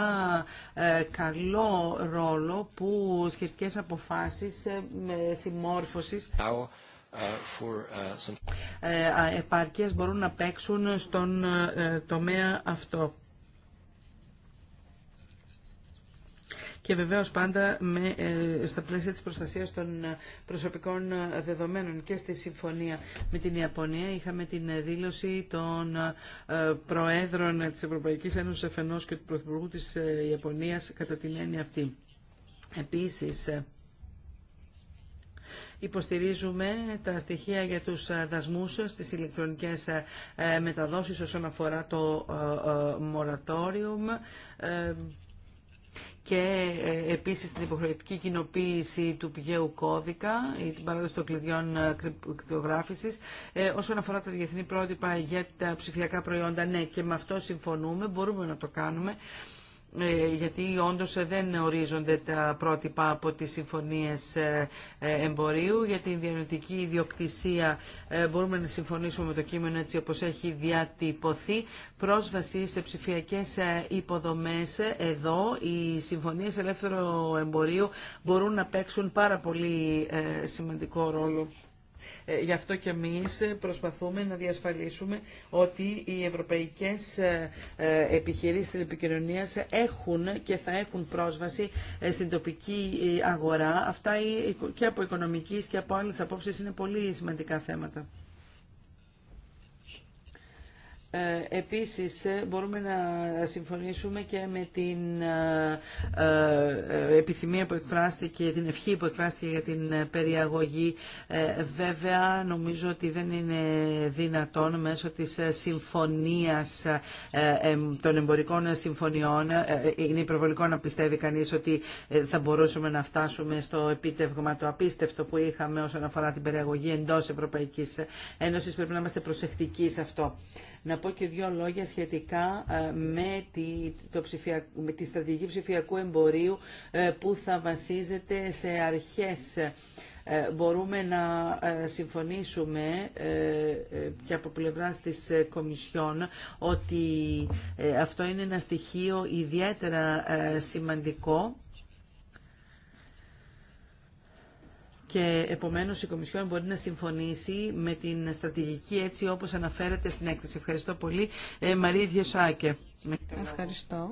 καλό ρόλο που σχετικές αποφάσεις συμμόρφωσης For uh, ε, μπορούν να παίξουν στον ε, τομέα αυτό. και βεβαίως πάντα με, ε, στα πλαίσια της προστασίας των προσωπικών δεδομένων και στη συμφωνία με την Ιαπωνία είχαμε την δήλωση των προέδρων της Ευρωπαϊκής Ένωσης εφενός και του Πρωθυπουργού της Ιαπωνίας κατά την έννοια αυτή. Επίσης, Υποστηρίζουμε τα στοιχεία για τους ε, δασμούς στις ηλεκτρονικές ε, ε, μεταδόσεις όσον αφορά το μορατόριο και επίσης την υποχρεωτική κοινοποίηση του πηγαίου κώδικα ή την παράδοση των κλειδιών κρυπτογράφησης. όσον αφορά τα διεθνή πρότυπα για τα ψηφιακά προϊόντα, ναι, και με αυτό συμφωνούμε, μπορούμε να το κάνουμε. Ε, γιατί όντως ε, δεν ορίζονται τα πρότυπα από τις συμφωνίες ε, εμπορίου. Για την διανοητική ιδιοκτησία μπορούμε να συμφωνήσουμε με το κείμενο έτσι όπως έχει διατυπωθεί. Πρόσβαση σε ψηφιακές υποδομές εδώ. Οι συμφωνίες ελεύθερου εμπορίου μπορούν να παίξουν πάρα πολύ σημαντικό ρόλο. Ε, γι' αυτό και εμείς προσπαθούμε να διασφαλίσουμε ότι οι ευρωπαϊκές ε, ε, επιχειρήσεις επικοινωνία έχουν και θα έχουν πρόσβαση στην τοπική αγορά. Αυτά και από οικονομικής και από άλλες απόψεις είναι πολύ σημαντικά θέματα. Ε, επίσης ε, μπορούμε να συμφωνήσουμε και με την ε, επιθυμία που εκφράστηκε, την ευχή που εκφράστηκε για την περιαγωγή. Βέβαια νομίζω ότι δεν είναι δυνατόν μέσω της συμφωνίας των εμπορικών συμφωνιών, είναι υπερβολικό να πιστεύει κανείς ότι θα μπορούσαμε να φτάσουμε στο επίτευγμα το απίστευτο που είχαμε όσον αφορά την περιαγωγή εντός Ευρωπαϊκής Ένωσης. Πρέπει να είμαστε προσεκτικοί σε αυτό. Να πω και δύο λόγια σχετικά ε, με τη, το με τη στρατηγική ψηφιακού εμπορίου ε, που θα βασίζεται σε αρχές ε, μπορούμε να συμφωνήσουμε και από πλευράς της Κομισιόν ότι αυτό είναι ένα στοιχείο ιδιαίτερα σημαντικό και επομένω, η Κομισιόν μπορεί να συμφωνήσει με την στρατηγική έτσι όπω αναφέρεται στην έκθεση. Ευχαριστώ πολύ. Ε, Μαρία Διεσάκε. Ευχαριστώ.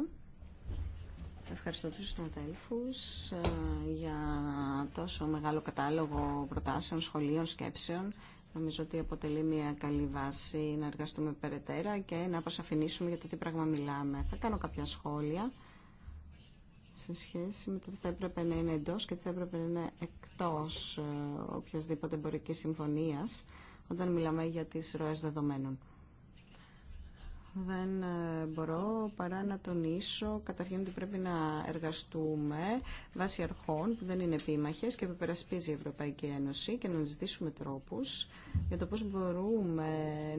Ευχαριστώ τους συναδέλφους ε, για τόσο μεγάλο κατάλογο προτάσεων, σχολείων, σκέψεων. Νομίζω ότι αποτελεί μια καλή βάση να εργαστούμε περαιτέρα και να αποσαφηνίσουμε για το τι πράγμα μιλάμε. Θα κάνω κάποια σχόλια σε σχέση με το τι θα έπρεπε να είναι εντός και τι θα έπρεπε να είναι εκτός ε, οποιασδήποτε εμπορική συμφωνίας όταν μιλάμε για τις ροές δεδομένων. Δεν ε, μπορώ παρά να τονίσω καταρχήν ότι πρέπει να εργαστούμε βάσει αρχών που δεν είναι επίμαχες και που περασπίζει η Ευρωπαϊκή Ένωση και να ζητήσουμε τρόπους για το πώς μπορούμε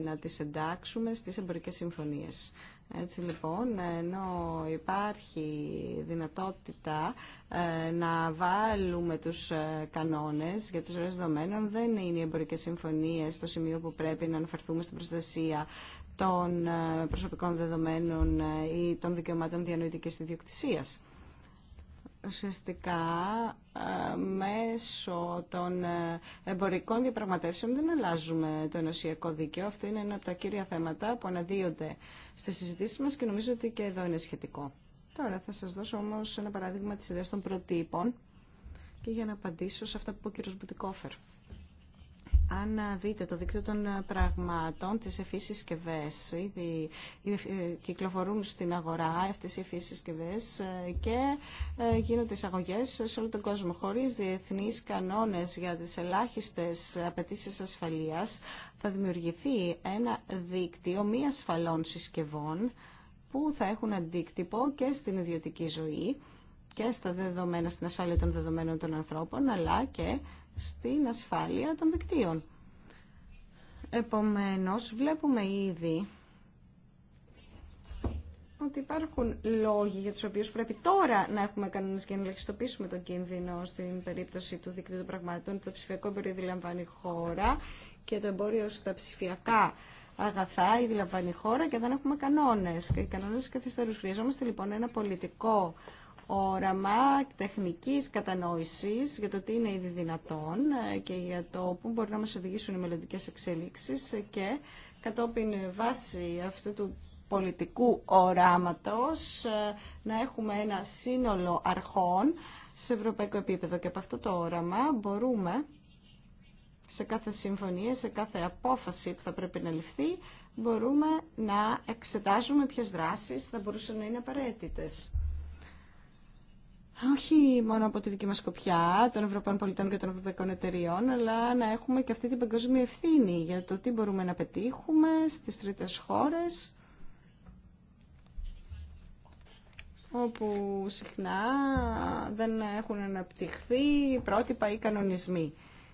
να τις εντάξουμε στις εμπορικές συμφωνίες. Έτσι λοιπόν, ενώ υπάρχει δυνατότητα ε, να βάλουμε τους ε, κανόνες για τις ώρες δεδομένων, δεν είναι οι εμπορικές συμφωνίες το σημείο που πρέπει να αναφερθούμε στην προστασία των ε, προσωπικών δεδομένων ή των δικαιωμάτων διανοητικής ιδιοκτησίας ουσιαστικά ε, μέσω των ε, εμπορικών διαπραγματεύσεων δεν αλλάζουμε το ενωσιακό δίκαιο. Αυτό είναι ένα από τα κύρια θέματα που αναδύονται στις συζητήσεις μας και νομίζω ότι και εδώ είναι σχετικό. Τώρα θα σας δώσω όμως ένα παράδειγμα της ιδέας των προτύπων και για να απαντήσω σε αυτά που είπε ο κύριος Μπουτικόφερ. Αν δείτε το δίκτυο των πραγμάτων, της εφήσεις συσκευές, ήδη ε, κυκλοφορούν στην αγορά αυτές οι εφήσεις συσκευές και ε, ε, γίνονται εισαγωγές σε όλο τον κόσμο, χωρίς διεθνείς κανόνες για τις ελάχιστες απαιτήσεις ασφαλείας, θα δημιουργηθεί ένα δίκτυο μη ασφαλών συσκευών που θα έχουν αντίκτυπο και στην ιδιωτική ζωή και στα δεδομένα, στην ασφάλεια των δεδομένων των ανθρώπων, αλλά και στην ασφάλεια των δικτύων. Επομένως, βλέπουμε ήδη ότι υπάρχουν λόγοι για τους οποίους πρέπει τώρα να έχουμε κανόνες και να ελεγχιστοποιήσουμε τον κίνδυνο στην περίπτωση του δίκτυου των πραγμάτων. Το ψηφιακό εμπόριο δηλαμβάνει χώρα και το εμπόριο στα ψηφιακά αγαθά ή χώρα και δεν έχουμε κανόνες. Και οι κανόνες καθυστερούς χρειαζόμαστε λοιπόν ένα πολιτικό όραμα τεχνικής κατανόησης για το τι είναι ήδη δυνατόν ε, και για το πού μπορεί να μας οδηγήσουν οι μελλοντικέ εξέλιξεις ε, και κατόπιν βάση αυτού του πολιτικού οράματος ε, να έχουμε ένα σύνολο αρχών σε ευρωπαϊκό επίπεδο και από αυτό το όραμα μπορούμε σε κάθε συμφωνία, σε κάθε απόφαση που θα πρέπει να ληφθεί, μπορούμε να εξετάζουμε ποιες δράσεις θα μπορούσαν να είναι απαραίτητες όχι μόνο από τη δική μας κοπιά των Ευρωπαίων πολιτών και των Ευρωπαϊκών εταιριών, αλλά να έχουμε και αυτή την παγκοσμία ευθύνη για το τι μπορούμε να πετύχουμε στις τρίτες χώρες, όπου συχνά δεν έχουν αναπτυχθεί πρότυπα ή κανονισμοί.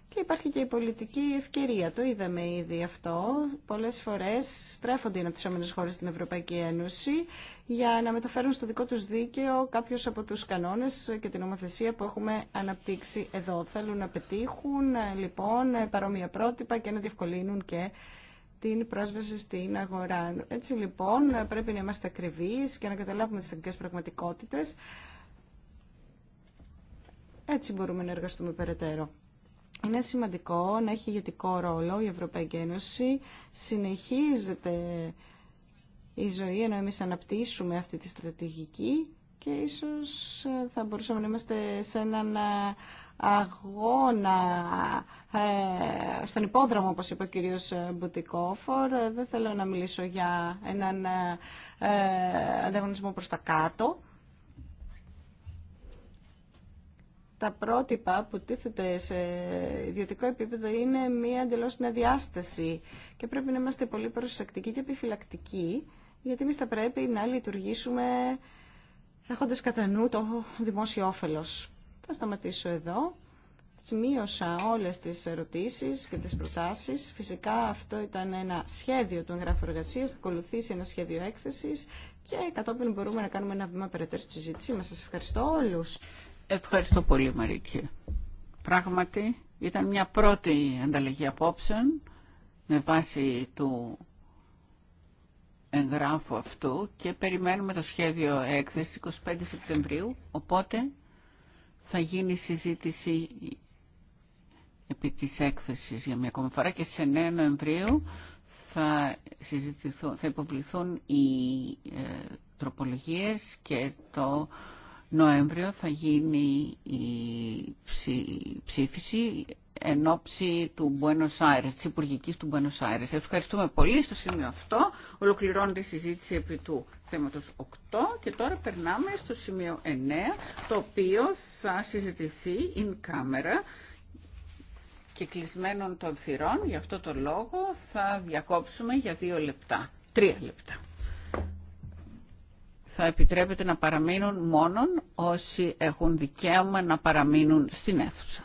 Και υπάρχει και η πολιτική ευκαιρία. Το είδαμε ήδη αυτό. Πολλέ φορέ στρέφονται οι αναπτυσσόμενε χώρε στην Ευρωπαϊκή Ένωση για να μεταφέρουν στο δικό του δίκαιο κάποιου από του κανόνε και την ομοθεσία που έχουμε αναπτύξει εδώ. Θέλουν να πετύχουν λοιπόν παρόμοια πρότυπα και να διευκολύνουν και την πρόσβαση στην αγορά. Έτσι λοιπόν πρέπει να είμαστε ακριβεί και να καταλάβουμε τι τεχνικέ πραγματικότητε. Έτσι μπορούμε να εργαστούμε περαιτέρω. Είναι σημαντικό να έχει ηγετικό ρόλο η Ευρωπαϊκή Ένωση. Συνεχίζεται η ζωή ενώ εμείς αναπτύσσουμε αυτή τη στρατηγική και ίσως ε, θα μπορούσαμε να είμαστε σε έναν ε, αγώνα ε, στον υπόδρομο, όπως είπε ο κύριος Μπουτικόφορ. Δεν θέλω να μιλήσω για έναν ανταγωνισμό προς τα κάτω, τα πρότυπα που τίθεται σε ιδιωτικό επίπεδο είναι μία εντελώ μια διάσταση και πρέπει να είμαστε πολύ προσεκτικοί και επιφυλακτικοί γιατί εμεί θα πρέπει να λειτουργήσουμε έχοντας κατά νου το δημόσιο όφελος. Θα σταματήσω εδώ. Σημείωσα όλες τις ερωτήσεις και τις προτάσεις. Φυσικά αυτό ήταν ένα σχέδιο του εγγράφου εργασίας, θα ακολουθήσει ένα σχέδιο έκθεσης και κατόπιν μπορούμε να κάνουμε ένα βήμα περαιτέρω στη συζήτησή μας. Σας ευχαριστώ όλους. Ευχαριστώ πολύ Μαρίκη. Πράγματι ήταν μια πρώτη ανταλλαγή απόψεων με βάση του εγγράφου αυτού και περιμένουμε το σχέδιο έκθεση 25 Σεπτεμβρίου, οπότε θα γίνει συζήτηση επί της έκθεσης για μια ακόμη φορά και σε 9 Νοεμβρίου θα, θα υποβληθούν οι ε, τροπολογίες και το Νοέμβριο θα γίνει η ψήφιση εν ώψη του Buenos Aires, της Υπουργικής του Buenos Aires. Ευχαριστούμε πολύ στο σημείο αυτό. Ολοκληρώνεται η συζήτηση επί του θέματος 8 και τώρα περνάμε στο σημείο 9, το οποίο θα συζητηθεί in camera και κλεισμένων των θυρών. Γι' αυτό το λόγο θα διακόψουμε για δύο λεπτά, τρία λεπτά θα επιτρέπεται να παραμείνουν μόνον όσοι έχουν δικαίωμα να παραμείνουν στην αίθουσα.